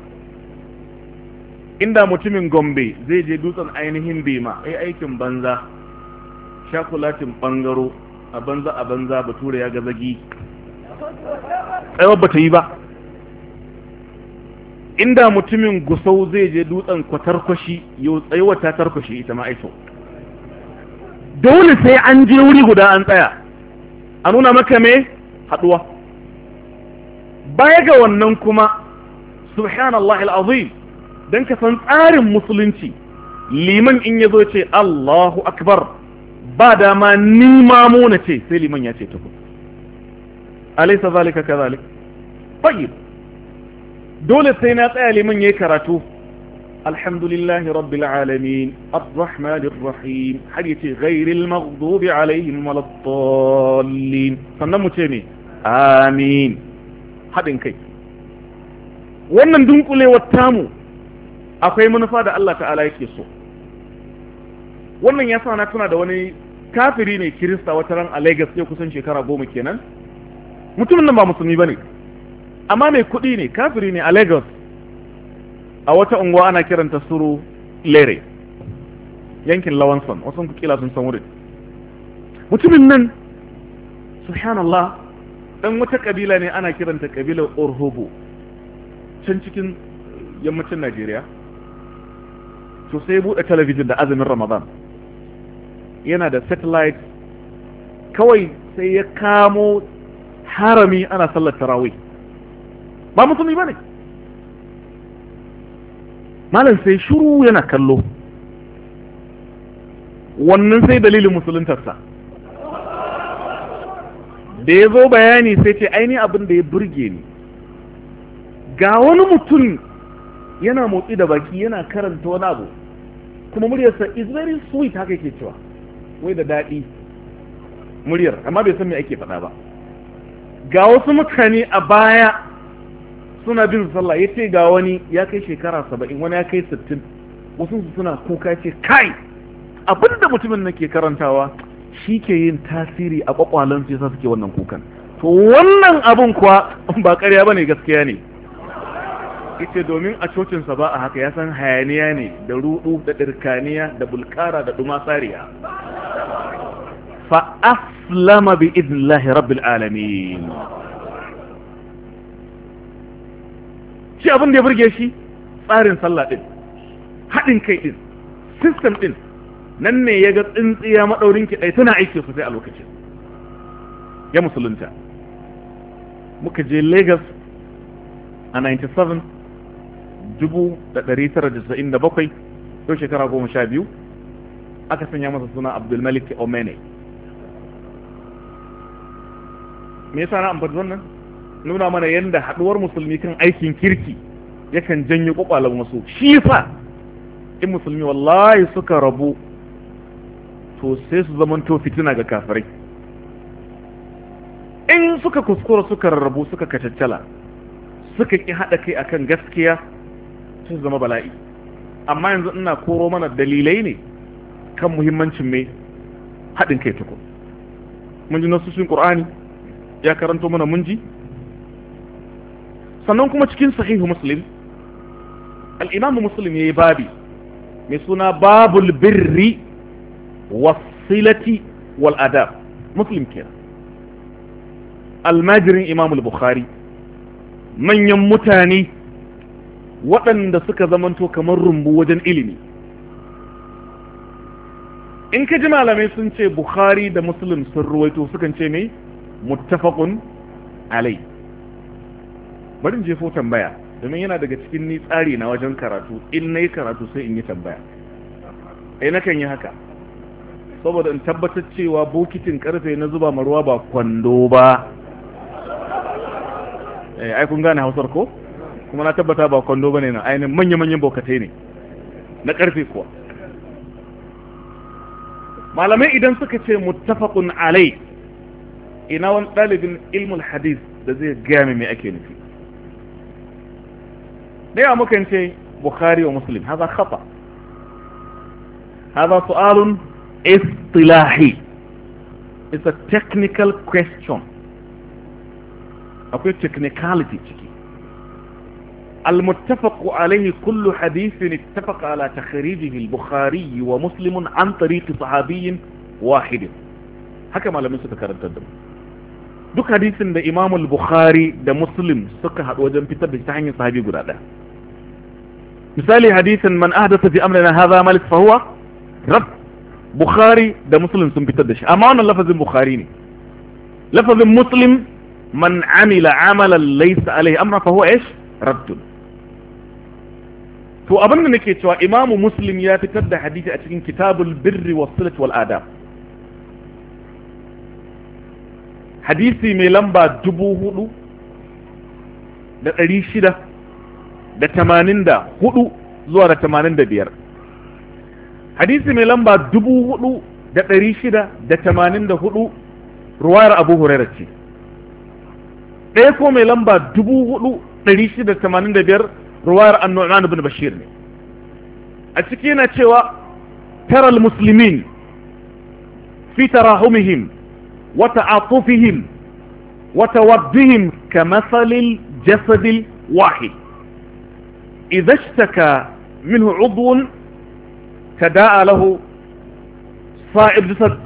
inda mutumin gombe zai je dutsen ainihin bema ai aikin banza shakulatin bangaro a banza a banza bature ya gazagi. tsayawar ba yi ba inda mutumin gusau zai je dutsen kwatarkwashi yau tsayawar ta tarkwashi ita ma aiso dole sai an je wuri guda an tsaya a nuna maka me haduwa baya ga wannan kuma subhanallahi al'azim don ka san tsarin musulunci liman in ya zo ce Allahu akbar ba dama ni mamo na ce sai liman ya ce tuku alaisa zalika ka zalik tayyib dole sai na tsaya liman yayi karatu alhamdulillahi rabbil alamin arrahmanir rahim har yace ghairil maghdubi alaihim waladdallin sannan mu ce ne amin haɗin kai wannan dunkulewar tamu akwai manufa da Allah ta'ala yake so wannan ya sa na tuna da wani kafiri ne kirista wata ran a Lagos ya kusan shekara goma kenan mutumin nan ba musulmi bane amma mai kuɗi ne kafiri ne a Lagos a wata unguwa ana kiranta suru lere yankin lawanson wasu ku kila sun san wurin mutumin nan subhanallah dan wata kabila ne ana kiranta kabilar orhobo can cikin eh, yammacin najeriya to sai buɗe talabijin da azumin ramadan yana da satellite kawai sai ya kamo harami ana sallar tarawih ba musulmi ba ne malam sai shuru yana kallo wannan sai dalilin musuluntarsa da ya zo bayani sai ce aini abin da ya burge ni ga wani mutum yana motsi da baki yana karanta wani abu kuma muryarsa is very sweet haka yake cewa wai da daɗi muryar amma bai san me ake faɗa ba ga wasu mutane a baya suna bin sallah ya ce ga wani ya kai shekara saba'in wani ya kai sittin wasu suna kuka ce kai abinda mutumin nake karantawa shi ke yin tasiri a kwakwalan ya yasa suke wannan kukan to wannan abin kuwa ba ƙarya ne gaskiya ne ce domin a cocinsa ba a haka ya san hayaniya ne da rudu da dirkaniya da bulkara da dumasariya fa aslama bi idnillahi rabbil alamin shi abin da ya burge shi tsarin sallah din haɗin kai din system din nan ne ya ga tsintsiya maɗaurin ki ɗai tana aiki sosai a lokacin ya musulunta muka je lagos a 97 1997 yau shekara goma sha biyu aka sanya masa suna abdulmalik omene me yasa na amfani wannan nuna mana yadda haɗuwar musulmi kan aikin kirki yakan janyo kwakwalen wasu shi fa in musulmi wallahi suka rabu to sai su zamanto fitina ga kafirai in suka kuskura suka rarrabu suka kacaccala suka ki haɗa kai akan gaskiya sai zama bala'i amma yanzu ina koro mana dalilai ne kan muhimmancin mai haɗin kai tukun mun ji nasussun ƙur'ani ya karanto mana mun ji sannan kuma cikin sahihu muslim al'imamu muslim ya yi babi mai suna babul birri wasilati wal adab muslim kenan almajirin imamul bukhari manyan mutane waɗanda suka zamanto kamar rumbu wajen ilimi in ka ji malamai sun ce bukhari da muslim sun ruwaito sukan ce ne muttafaqun alai bari in jefo tambaya domin yana daga cikin ni tsari na wajen karatu in na yi karatu sai in yi tambaya ai eh, nakan yi haka saboda in tabbatar cewa bokitin karfe na zuba maruwa ba kwando ba eh, ai kun gane hausar ko kuma na tabbata ba kwando bane na ainihin manya-manyan bokatai ne na karfe kuwa malamai idan suka ce muttafaqun alai ina wani ɗalibin ilmul hadis da zai gaya mai ake nufi da yawa mukan ce bukhari wa muslim haza khata haza su'alun istilahi it's a technical question akwai technicality ciki المتفق عليه كل حديث اتفق على تخريجه البخاري ومسلم عن طريق صحابي واحد حكم على من ستكرر الدم دوك حديث ان امام البخاري دا مسلم سكة حد وجن في تبه تحيني صحابي قرادة مثالي حديث من اهدث في امرنا هذا ملك فهو رب بخاري دا مسلم سن في تدش امان لفظ البخاري لفظ مسلم من عمل عملا ليس عليه امر فهو ايش رب to abin da nake cewa imamu muslim ya fitar da hadisi a cikin kitabul birri wa silat wal adab hadisi mai lamba dubu hudu da ɗari shida da tamanin da hudu zuwa da tamanin da biyar hadisi mai lamba dubu hudu da ɗari shida da tamanin da hudu ruwayar abu hurairar ce ɗaya ko mai lamba dubu hudu ɗari shida da tamanin da biyar رواية النعمان بن بشير السكينة شوى ترى المسلمين في تراهمهم وتعاطفهم وتودهم كمثل الجسد الواحد إذا اشتكى منه عضو تداء له صائب جسد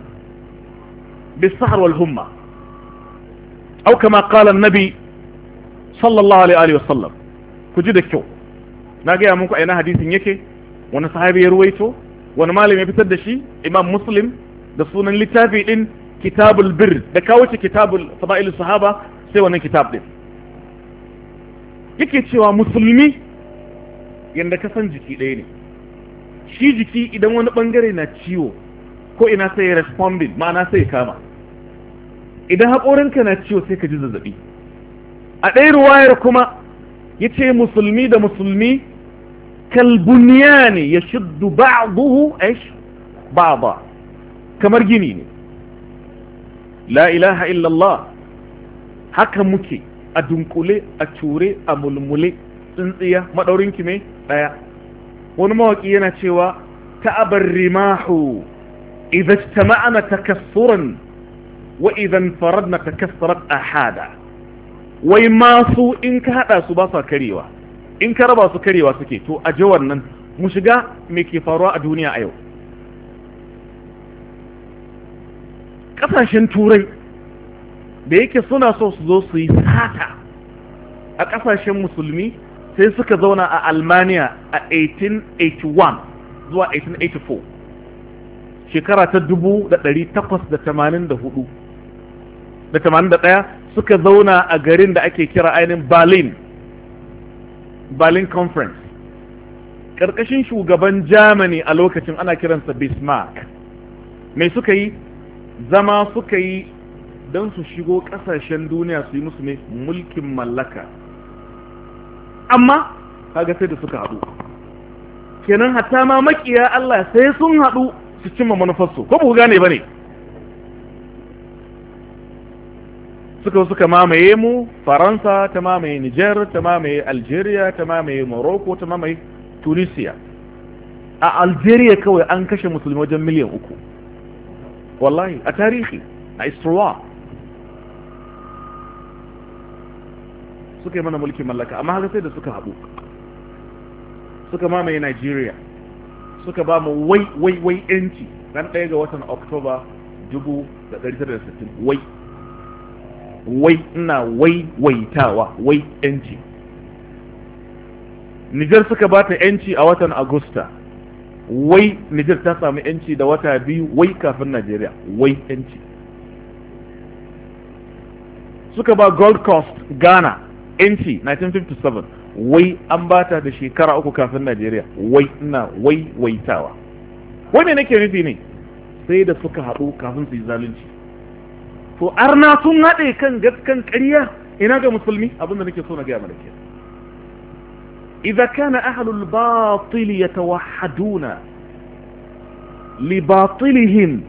بالصحر والهمة أو كما قال النبي صلى الله عليه وسلم ku ji da kyau na gaya muku ina hadisin yake wani sahabi ya ruwaito wani malami ya fitar da shi imam muslim da sunan littafi din kitabul bir da kawo ce kitabul sama'il sahaba sai wannan kitab din yake cewa musulmi yanda ka san jiki ɗaya ne shi jiki idan wani bangare na ciwo ko ina sai ya responding ma'ana sai ya kama idan haƙorinka na ciwo sai ka ji zazzabi a ɗaya ruwayar kuma yace musulmi da musulmi kalbunyani yashuddu ba'dahu ish ba'da kamar gini ne la ilaha illa Allah haka muke a dunkule a ture a mulmule tsintsiya madaurinki me ɗaya wani mawaƙi yana cewa ta'abar rimahu ma'anata ijtama'na takassuran wa idza faradna takassarat ahada wai masu in ka haɗa su ba sa karewa in ka raba su karewa suke to a jawar wannan mu shiga me ke faruwa a duniya a yau ƙasashen turai da yake suna so su zo su yi sata a ƙasashen musulmi sai suka zauna a almaniya a 1881 zuwa 1884 shekara ta 1884 da 81 suka zauna a garin da ake kira ainihin berlin berlin conference ƙarƙashin shugaban germany a lokacin ana kiransa bismarck mai suka yi zama suka yi don su shigo ƙasashen duniya su yi musu ne mulkin mallaka amma kaga sai da suka haɗu kenan hatta ma makiya allah sai sun haɗu su cimma manufarsu ko ba ku gane ba ne suka suka mamaye mu faransa ta mamaye niger ta mamaye algeria ta mamaye morocco ta mamaye tunisia a algeria kawai an kashe musulmi wajen miliyan uku wallahi a tarihi a istrowa suka yi mana mulkin mallaka amma haka sai da suka haɗu suka mamaye nigeria suka ba mu wai wai wai yanci ran ɗaya ga watan oktoba 1960 wai wai ina wai waitawa wai yanci Nijar suka ba ta yanci a watan Agusta wai Nijar ta samu yanci da wata biyu wai kafin Najeriya wai yanci suka ba Gold Coast Ghana yanci 1957 wai an ba ta da shekara uku kafin Najeriya wai ina wai waitawa wai me nake nufi ne sai da suka haɗu kafin su yi zalunci to arna sun haɗe kan gaskan ƙarya ina ga musulmi abinda nake so na gaya mana ke idza kana ahlul batil yatawahhaduna li batilihim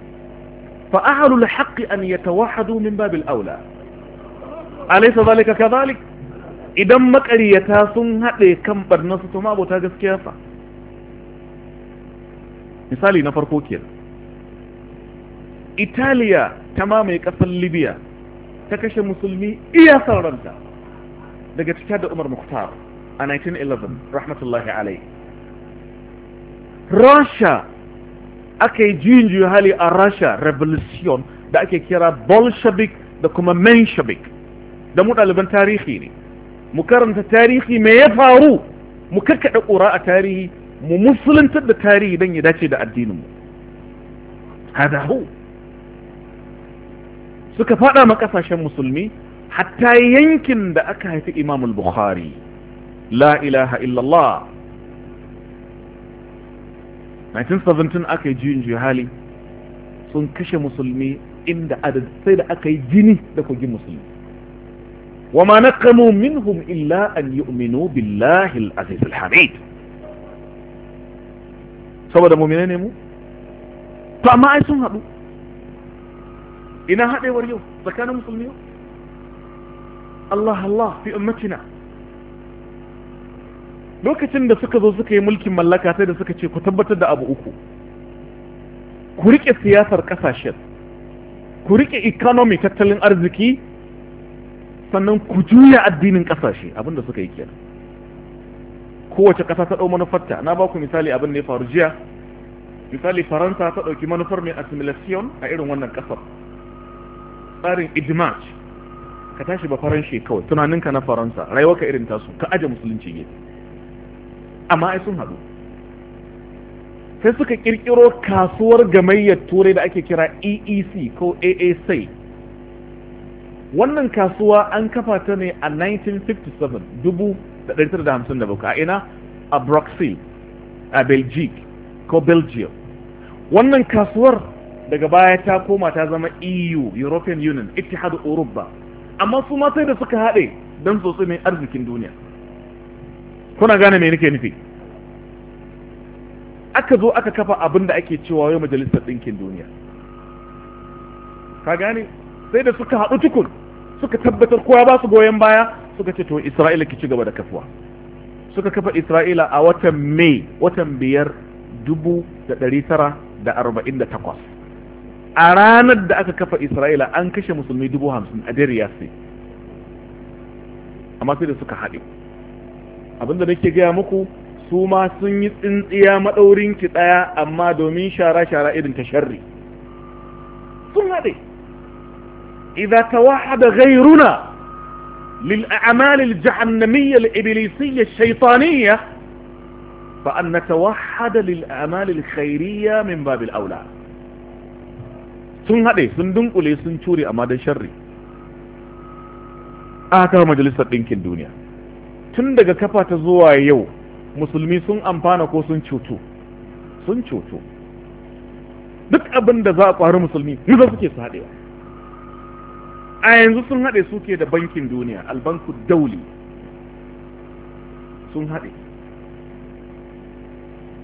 fa ahlul haqq an yatawahhadu min babil aula alaysa zalika kadhalik idan maƙaryata sun haɗe kan barnansu to ma abota gaskiya fa misali na farko kenan italiya ta mamaye kasar libya ta kashe musulmi iya sararanta daga cika da umar mukhtar a 1911 rahmatullahi alai russia aka yi juyin hali a russia revolution da ake kira bolshevik da kuma menshevik da mu ɗaliban tarihi ne mu karanta tarihi mai ya faru mu kakkaɗa ƙura a tarihi mu musuluntar da tarihi don ya dace da addininmu hadahu suka fada ma kasashen musulmi hatta yankin da aka haifi Imam al-Bukhari la ilaha illa illallah 1917 aka yi juyin jihali sun kashe musulmi inda adad sai da aka yi jini da kogin musulmi وما نقموا منهم إلا أن يؤمنوا بالله العزيز الحميد aziz al-hamid saboda mu'mine ne mu ina haɗewar yau tsakanin musulmi yau Allah Allah fi ummatina lokacin da suka zo suka yi mulkin mallaka sai da suka ce ku tabbatar da abu uku ku rike siyasar kasashen ku rike economy tattalin arziki sannan ku juya addinin kasashe abinda suka yi kenan kowace kasa ta ɗau manufarta na ba ku misali abin da ya faru jiya misali faransa ta ɗauki manufar mai assimilation a irin wannan ƙasar tsarin idmaj ka tashi ba faranshe kawai tunaninka na faransa rayuwarka irin tasu ka aje musulunci ne amma ai sun haɗu sai suka kirkiro kasuwar gamayyar turai da ake kira eec ko aac wannan kasuwa an kafa ta ne a 1957 1957 a ina a bruxelles a belgique ko belgium wannan kasuwar daga baya ta koma ta zama EU European Union Ittihad Uruba amma su ma sai da suka haɗe don su mai arzikin duniya kuna gane me nake nufi aka zo aka kafa abin da ake cewa yau majalisar ɗinkin duniya ka gane sai da suka haɗu tukun suka tabbatar kowa ba su goyon baya suka ce to isra'ila ki ci gaba da kafuwa suka kafa isra'ila a watan mai watan biyar dubu da ɗari tara da arba'in da takwas a ranar da aka kafa isra'ila an kashe musulmi dubu hamsin a dare yasi amma sai da suka haɗe abinda nake gaya muku su ma sun yi tsintsiya maɗaurin ki ɗaya amma domin shara-shara irin ta sharri sun haɗe idan ta wahada gairuna للأعمال الجهنمية الإبليسية الشيطانية فأن نتوحد للأعمال الخيرية من باب الأولى sun haɗe sun dunkule sun cure amma don sharri aka majalisar ɗinkin duniya tun daga kafa ta zuwa yau musulmi sun amfana ko sun cutu sun cutu duk abin da za a ƙwari musulmi yanzu suke su haɗewa a yanzu sun haɗe suke da bankin duniya albanku dauli sun haɗe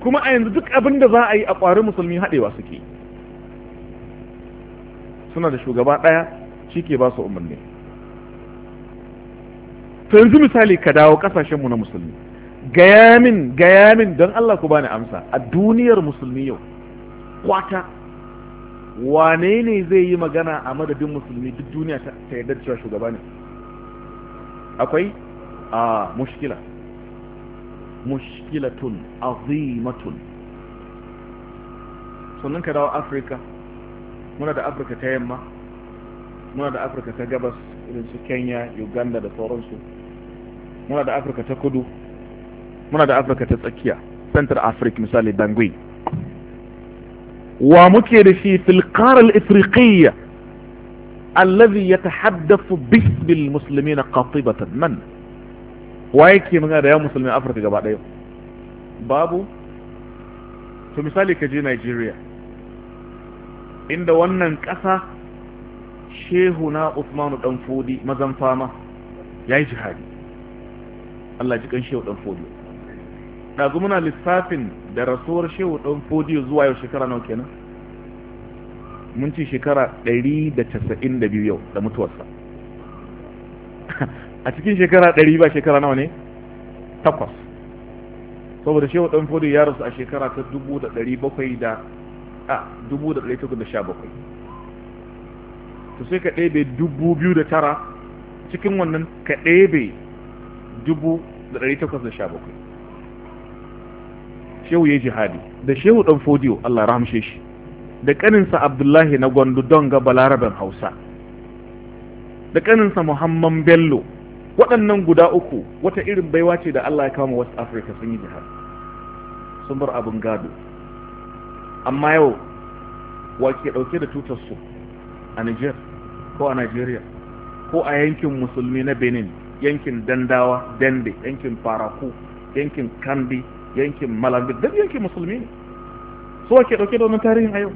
kuma a yanzu duk abin da za a yi a ƙwari musulmi haɗewa suke yi suna da shugaba ɗaya shi ke ba su umarni to yanzu misali ka dawo ƙasashenmu na musulmi gayamin gayamin don Allah ku bani amsa a duniyar musulmi yau kwata wane ne zai yi magana a madadin musulmi duk duniya ta yarda cewa shugaba ne akwai a mushkila mushkilatun azimatun sannan ka dawo afirka muna da afirka ta yamma muna da afirka ta gabas irin su kenya uganda da sauransu muna da afirka ta kudu muna da afirka ta tsakiya central africa misali bangui wa muke da shi fil qaral ifriqiyya alladhi yatahaddathu bismil muslimin qatibatan man wa yake magana da yawan musulmin afirka gaba ɗaya babu to misali ka je nigeria inda wannan ƙasa Shehu na usmanu Ɗanfodi, fodi mazan fama ya yi jihadi Allah ji kan shehu Ɗanfodi. fodi ɗazu muna lissafin da rasuwar shehu Ɗanfodi fodi zuwa yau shekara nawa kenan mun ci shekara 192 yau da mutuwarsa a cikin shekara 100 ba shekara nawa ne takwas saboda shehu Ɗanfodi fodi ya rasu a shekara ta da. a 1817 to sai ka ɗebe 2009 cikin wannan ka ɗebe 1817 shehu ya jihadi da shehu ɗan fodiyo Allah ramshe shi da ƙaninsa abdullahi na gwandu don ga balaraben hausa da ƙaninsa muhamman bello waɗannan guda uku wata irin baiwa ce da Allah ya kama west africa sun yi jihadi sun bar abin gado amma yau wa ke ɗauke da tutarsu a niger ko a nigeria ko a yankin musulmi na benin yankin dandawa dande yankin faraku yankin kandi yankin malambi duk yankin musulmi ne su wa ke ɗauke da wannan tarihin a yau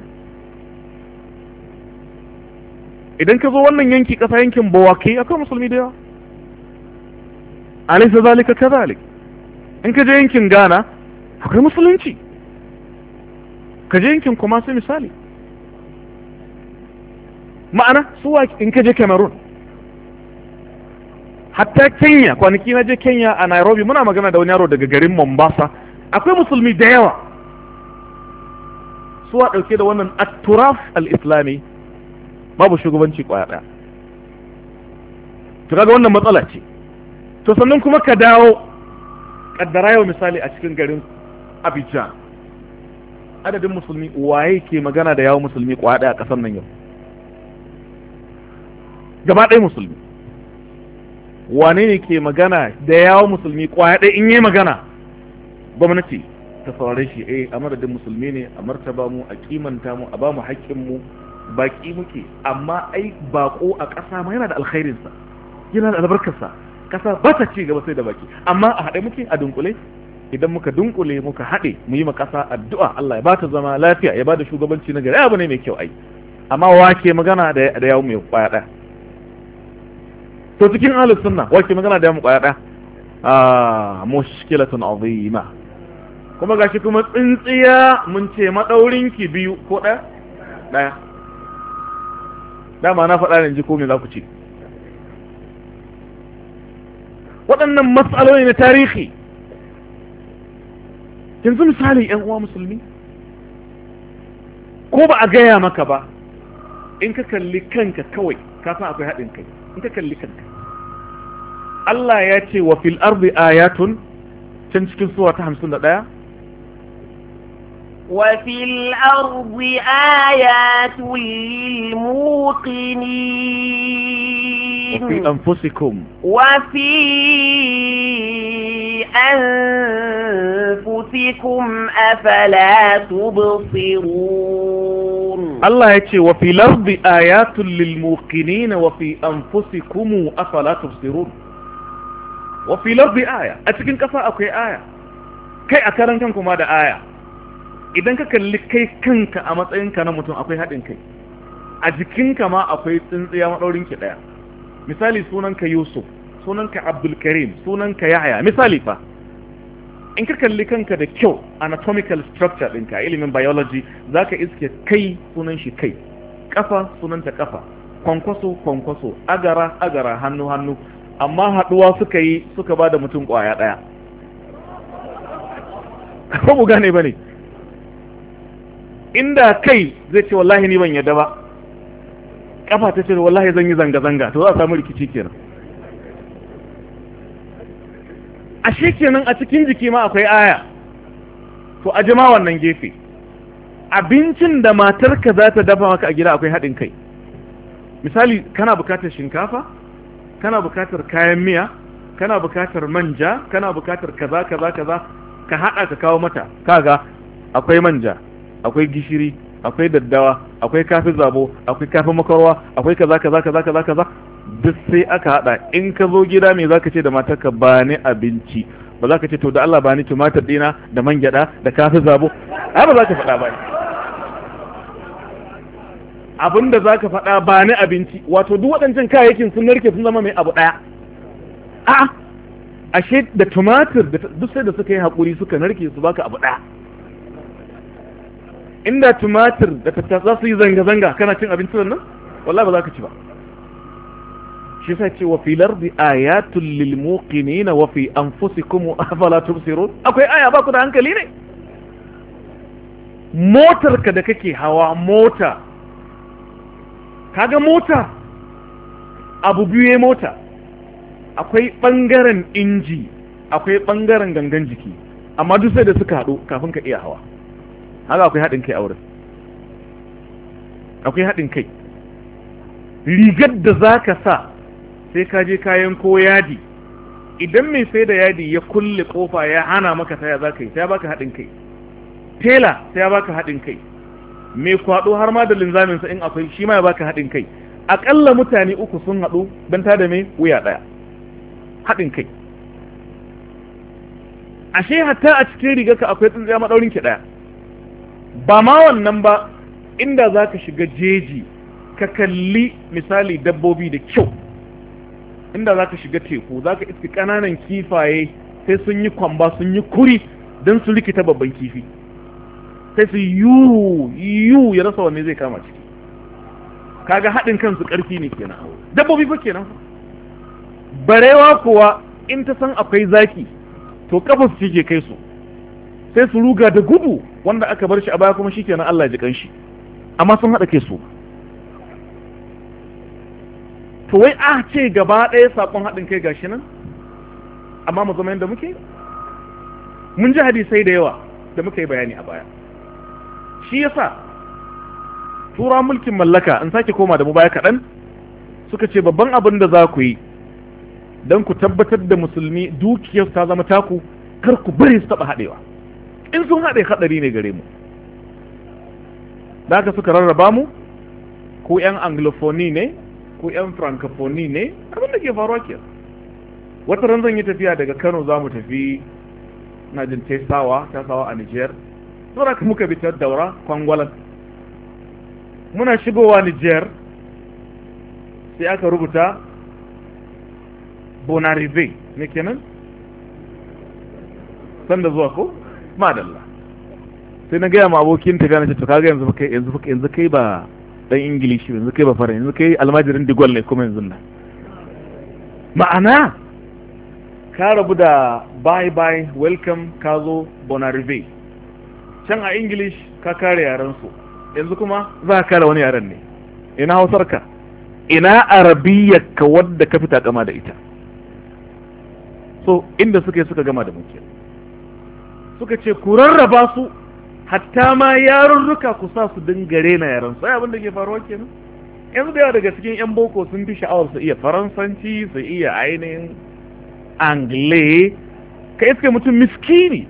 idan ka zo wannan yanki kasa yankin Bawake, akwai musulmi da yawa alisa zalika kazalik in ka je yankin ghana akwai musulunci ka je yankin kuma sai misali ma'ana suwa in ka je cameroon hatta kenya kwanaki na je kenya a nairobi muna magana da wani yaro daga garin mombasa akwai musulmi da yawa suwa ɗauke da wannan atturaf al-islami babu shugabanci kwaya ɗaya to kaga wannan matsala ce to sannan kuma ka dawo kaddara yau misali a cikin garin abidjan adadin musulmi waye ke magana da yawon musulmi kwaɗa a ƙasar nan yau gaba ɗaya musulmi wane ne ke magana da yawon musulmi kwaɗa in yi magana gwamnati ta saurare shi eh a madadin musulmi ne a martaba mu a kimanta mu a ba mu haƙƙin mu baki muke amma ai bako a ƙasa ma yana da alkhairinsa yana da albarkarsa ƙasa ba ta ci gaba sai da baki amma a haɗe muke a dunkule idan muka dunkule muka haɗe mu yi ƙasa, addu'a Allah ya ba ta zama lafiya ya ba da shugabanci na gari abu ne mai kyau ai amma wake magana da yawo mai kwaya ɗaya to cikin ahlus sunna wake magana da yawon kwaya ɗaya a ah, mushkilatun azima kuma gashi kuma tsintsiya mun ce ki biyu ko ɗaya ɗaya dama na faɗa ne ko me za ku ce waɗannan matsaloli na tarihi yanzu misali yan uwa musulmi ko ba a gaya maka ba in ka kalli kanka kawai ka san akwai haɗin kai in ka kalli kanka Allah ya ce wa fil ardi ayatun can cikin suwa ta 51 وفي الأرض آيات للموقنين وفي أنفسكم وفي أنفسكم أنفسكم أفلا تبصرون الله يتي وفي الأرض آيات للموقنين وفي أنفسكم أفلا تبصرون وفي الأرض آية أتكين كفاء أكي آية كي أكرن كنكم هذا آية idan ka kalli kai kanka a matsayinka na mutum akwai haɗin kai a jikinka ma akwai tsintsiya maɗaurinki ɗaya misali sunanka yusuf sunanka abdulkarim sunanka yahaya misali fa in ka kalli kanka da kyau anatomical structure ɗinka ilimin biology za ka iske kai sunan shi kai ƙafa sunanta ƙafa kwankwaso kwankwaso agara agara hannu hannu amma haɗuwa suka yi suka ba da mutum ƙwaya ɗaya ko mu gane ba ne inda kai zai ce wallahi ni ban yadda ba ƙafa ta ce wallahi zan yi zanga-zanga to za a samu rikici kenan a kenan a cikin jiki ma akwai aya to a jima wannan gefe abincin da matarka za ta dafa maka a gida akwai haɗin kai misali kana bukatar shinkafa kana bukatar kayan miya kana bukatar manja kana bukatar kaza kaza kaza ka haɗa ka kawo mata kaga akwai manja akwai gishiri akwai daddawa akwai kafin zabo akwai kafin makarwa akwai kaza kaza kaza kaza duk sai aka hada in ka zo gida me zaka ce da matarka ba ni abinci ba za ka ce to da Allah ba ni tumatir dina da man gyada da kafin zabo ai ba za ka faɗa ba abin da za ka faɗa ba ni abinci wato duk waɗancan kayayyakin sun narke sun zama mai abu ɗaya a ashe da tumatir duk sai da suka yi haƙuri suka narke su baka abu ɗaya inda tumatir da tattasa su yi zanga-zanga kana cin abincin nan wallahi ba za ka ci ba shi sai ce wa filar bi ayatul lil muqinina wa fi anfusikum afala tubsirun akwai aya ba ku da hankali ne motar ka da kake hawa mota kaga mota abu biyu mota akwai bangaren inji akwai bangaren gangan jiki amma duk sai da suka haɗu kafin ka iya hawa haka akwai haɗin kai a wurin akwai haɗin kai rigar da za ka sa sai ka je kayan ko yadi idan mai sai da yadi ya kulle kofa ya hana maka taya za ka yi sai ya baka haɗin kai tela sai ya baka haɗin kai mai kwaɗo har ma da linzaminsa in akwai shi ma ya baka haɗin kai aƙalla mutane uku sun haɗu don ta da mai wuya ɗaya haɗin kai ashe hatta a cikin ka akwai tsintsiya maɗaurin ki ɗaya ba ma wannan ba inda za ka shiga jeji ka kalli misali dabbobi da kyau inda za ka shiga teku za ka iske ƙananan kifaye sai sun yi kwamba sun yi kuri don su likita babban kifi sai su yu yu ya rasa wanne zai kama ciki kaga haɗin kansu ƙarfi ne kenan dabbobi fa kenan barewa kuwa in ta san akwai zaki to ƙafas su ke kai su sai su ruga da gudu wanda aka bar shi a baya kuma shi kenan Allah ya ji kanshi amma sun haɗa kai su to wai a ce gaba ɗaya saƙon haɗin kai gashi nan amma mu zama yadda muke mun ji hadisai da yawa da muka yi bayani a baya shi yasa tura mulkin mallaka in sake koma da mu baya kaɗan suka ce babban abin da za ku yi don ku tabbatar da musulmi dukiyar ta zama taku kar ku bari su taɓa haɗewa in sun haɗe haɗari ne gare mu da aka suka rarraba mu ko 'yan anglophony ne ku yan francophone ne abin da ke faruwa ke wata ran zan yi tafiya daga kano za mu tafi na jin tesawa sawa a niger saboda ka muka ta daura kwangwalas muna shigowa niger sai aka rubuta bonarive ne kenan sanda zuwa ko madalla sai na gaya ma abokin ta gane ta to kaga yanzu kai yanzu kai ba dan ingilishi yanzu kai ba fara yanzu kai almajirin digwal ne kuma yanzu nan ma'ana ka rabu da bye bye welcome ka zo bonarive can a english ka kare yaren su yanzu kuma za ka kare wani yaren ne ina hausar ka ina arabiyyar ka wadda ka fita gama da ita so inda suka yi suka gama da muke suka ce ku rarraba su hatta ma yarurruka ku sa su dinga rena yaran sai abin da ke faruwa kenan yanzu da yawa daga cikin yan boko sun fi sha'awar su iya faransanci su iya ainihin angle ka iske mutum miskini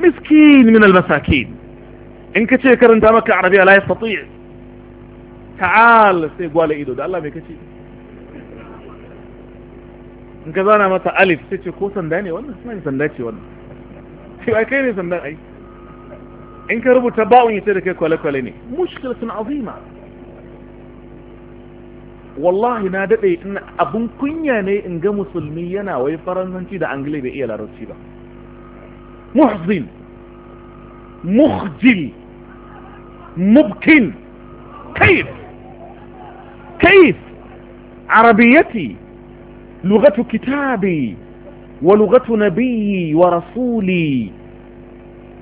miskini min almasakin in ka ce karanta maka arabiya la yastati ta'al sai gwala ido da Allah mai kace in ka zana mata alif sai ce ko sanda ne wannan sai sanda ce wannan sai kai ne sandan ai إن كربو تباوين يتركك ولا كليني مشكلة عظيمة والله نادئي إن أبن كنياني إنجا مسلمينا ويفرنسا تيدا أنجلي بإيه لا رتيبة محزن مخجل مبكن كيف كيف عربيتي لغة كتابي ولغة نبي ورسولي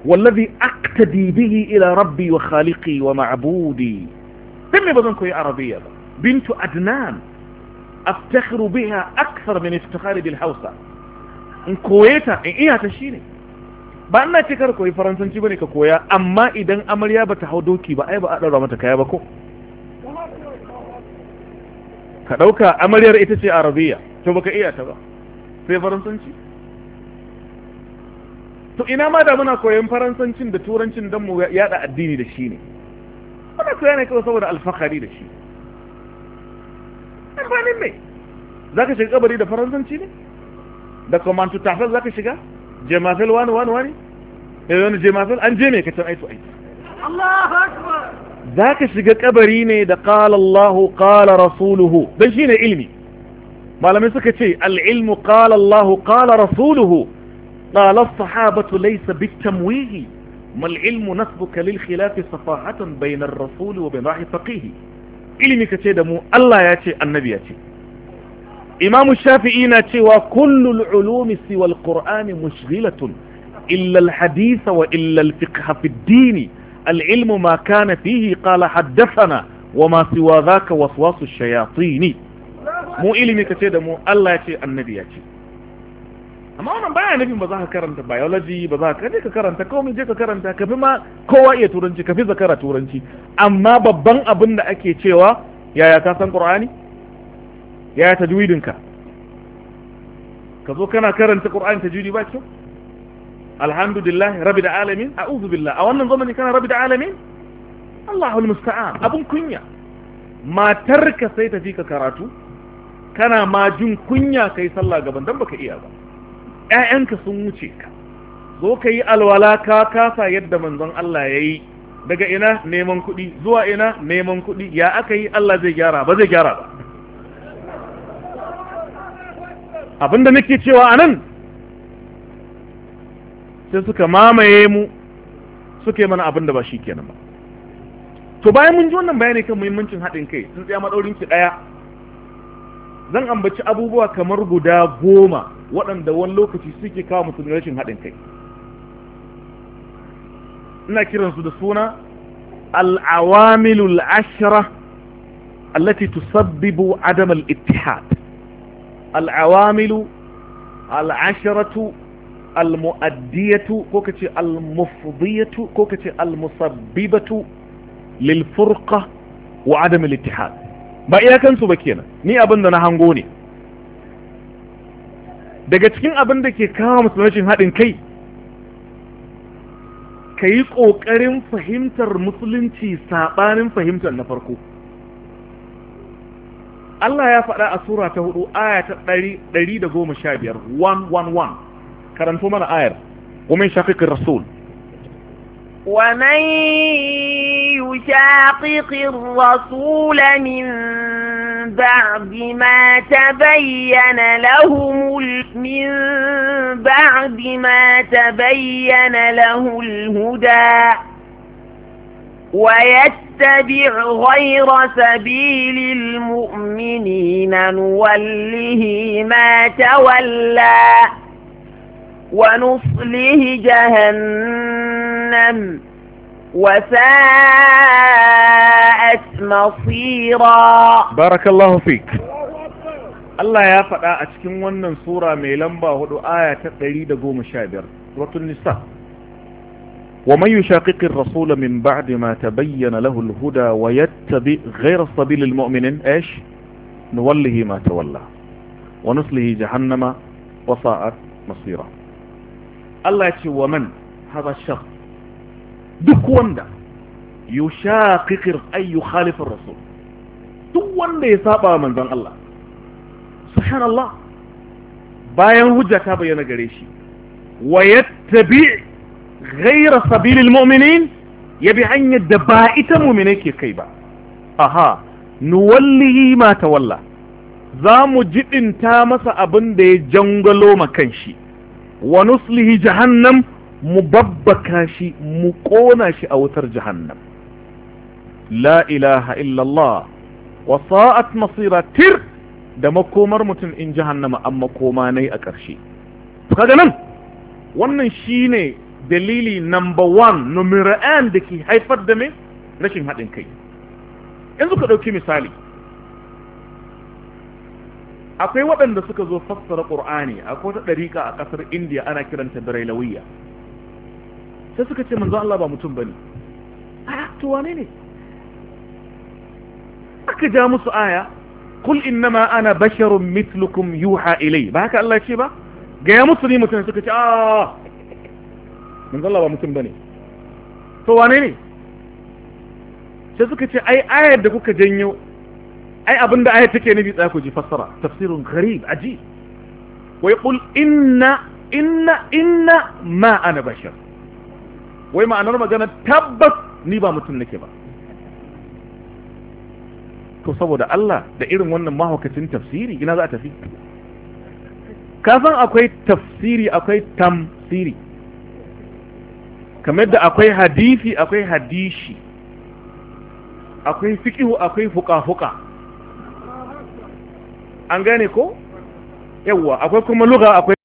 والذي أقتدي به إلى ربي وخالقي ومعبودي تمي بدنكو يا عربية بنت أدنان أفتخر بها أكثر من افتخاري بالحوصة كويتا إيه تشيني بأننا تكركو في فرنسا تبني كويا أما إذن أمليا بتحودوكي بأي بأي بأي بأي بأي kadauka amaliyar ita ce arabiya to baka iya ta ba sai faransanci to ina ma da muna koyon faransancin da turancin don mu yada addini da shi ne muna koya ne kawai saboda alfahari da shi amfanin mai za ka shiga kabari da faransanci ne da komantu tafel za ka shiga jemafel wani wani wani yanzu eh, wani jemafel an je mai ka can aitu aitu za ka shiga kabari ne da kala Allahu kala rasuluhu don shi ne ilmi malamai suka ce al'ilmu kala Allahu kala rasuluhu قال الصحابة ليس بالتمويه ما العلم نسبك للخلاف صفاحة بين الرسول وبين راح فقيه إلي نكتي مو الله ياتي النبي ياتي إمام الشافعي ناتي وكل العلوم سوى القرآن مشغلة إلا الحديث وإلا الفقه في الدين العلم ما كان فيه قال حدثنا وما سوى ذاك وصواص الشياطين مو إلي نكتي مو الله ياتي النبي ياتي amma wannan baya nufin ba za ka karanta biology ba za ka je ka karanta komai je ka karanta ka fi ma kowa iya turanci ka fi zakara turanci amma babban abin da ake cewa yaya ka san qur'ani yaya tajwidin ka ka zo kana karanta qur'ani tajwidi ba kyau alhamdulillah rabbil alamin a'udhu billah a wannan zamani kana rabbil alamin Allahul musta'an abun kunya matar ka sai tafi ka karatu kana ma jin kunya kai sallah gaban dan baka iya ba Ya'yanka sun wuce ka zo ka yi alwala ka kasa yadda manzon Allah ya yi daga ina neman kuɗi zuwa ina neman kuɗi ya aka yi Allah zai gyara ba zai gyara ba abinda nake cewa a nan sai suka mamaye mu suke mana abinda ba shi kenan ba to bayan mun ji wannan bayani kan muhimmancin haɗin kai sun tsaya maɗaurin ki ɗaya zan ambaci abubuwa kamar guda goma waɗanda wani lokaci suke kawo mutum rashin haɗin kai ina kiransu da suna al'awamilul ashira allati tusabbibu adam al al'awamilu al'asharatu, almu'addiyatu muaddiyatu ko kace al ko kace al lil furqa wa adam ittihad ba iyakansu ba kenan ni abin da na hango ne daga cikin abin da ke kawo rashin haɗin kai ka yi ƙoƙarin fahimtar musulunci saɓanin fahimtar na farko Allah ya faɗa a sura ta hudu aya ta ɗari da goma sha biyar 111 karanto mana ayar ومن شقيق الرسول ومن يشاقق الرسول من بعد ما تبين لهم من بعد ما تبين له الهدى ويتبع غير سبيل المؤمنين نوله ما تولى ونصليه جهنم وساءت مصيرا بارك الله فيك الله يا فدا a cikin wannan sura mai lamba hudu aya ta 115 suratul ومن يشاقق الرسول من بعد ما تبين له الهدى ويتبع غير سبيل المؤمنين ايش نوله ما تولى ونصله جهنم وساءت مصيره Allah ce wa man haza shar duk wanda yushaqiqir ay yukhalif ar-rasul duk wanda ya saba manzon Allah subhanallah bayan hujja ta bayyana gare shi wa yattabi ghayra sabilil mu'minin bi hanyar da ba ita muminai ke kai ba aha nuwallihi ma tawalla za mu ta masa abin da ya jangalo ma shi. wa nuslihi jahannam mu babbaka shi mu ƙona shi a wutar jahannam la ilaha illallah wa sa'at masira tir da makomar mutum in jahannama an makoma ne a ƙarshe Ka ga nan wannan shi ne dalili number one numera'an da ke haifar da mai rashin haɗin kai yanzu ka ɗauki misali akwai waɗanda suka zo fassara ƙur'ani akwai wata ɗariƙa a ƙasar indiya ana kiranta birailawiya sai suka ce manzo Allah ba mutum bane a to wane ne aka ja musu aya kul innama ana basharun mithlukum yuha ilai ba haka Allah ce ba ga ya musu ni mutum suka ce a manzo Allah ba mutum bane to wane ne sai suka ce ai ayar da kuka janyo ai da aya take nufi tsaya ku ji fassara tafsirun gharib aji wai qul inna inna inna ma ana bashar wai ma'anar magana tabbas ni ba mutum nake ba to saboda Allah da irin wannan mahaukacin tafsiri ina za a tafi ka san akwai tafsiri akwai tamsiri kamar da akwai hadisi akwai hadishi akwai fikihu akwai fuka-fuka an gane ko yawwa akwai kuma lugha akwai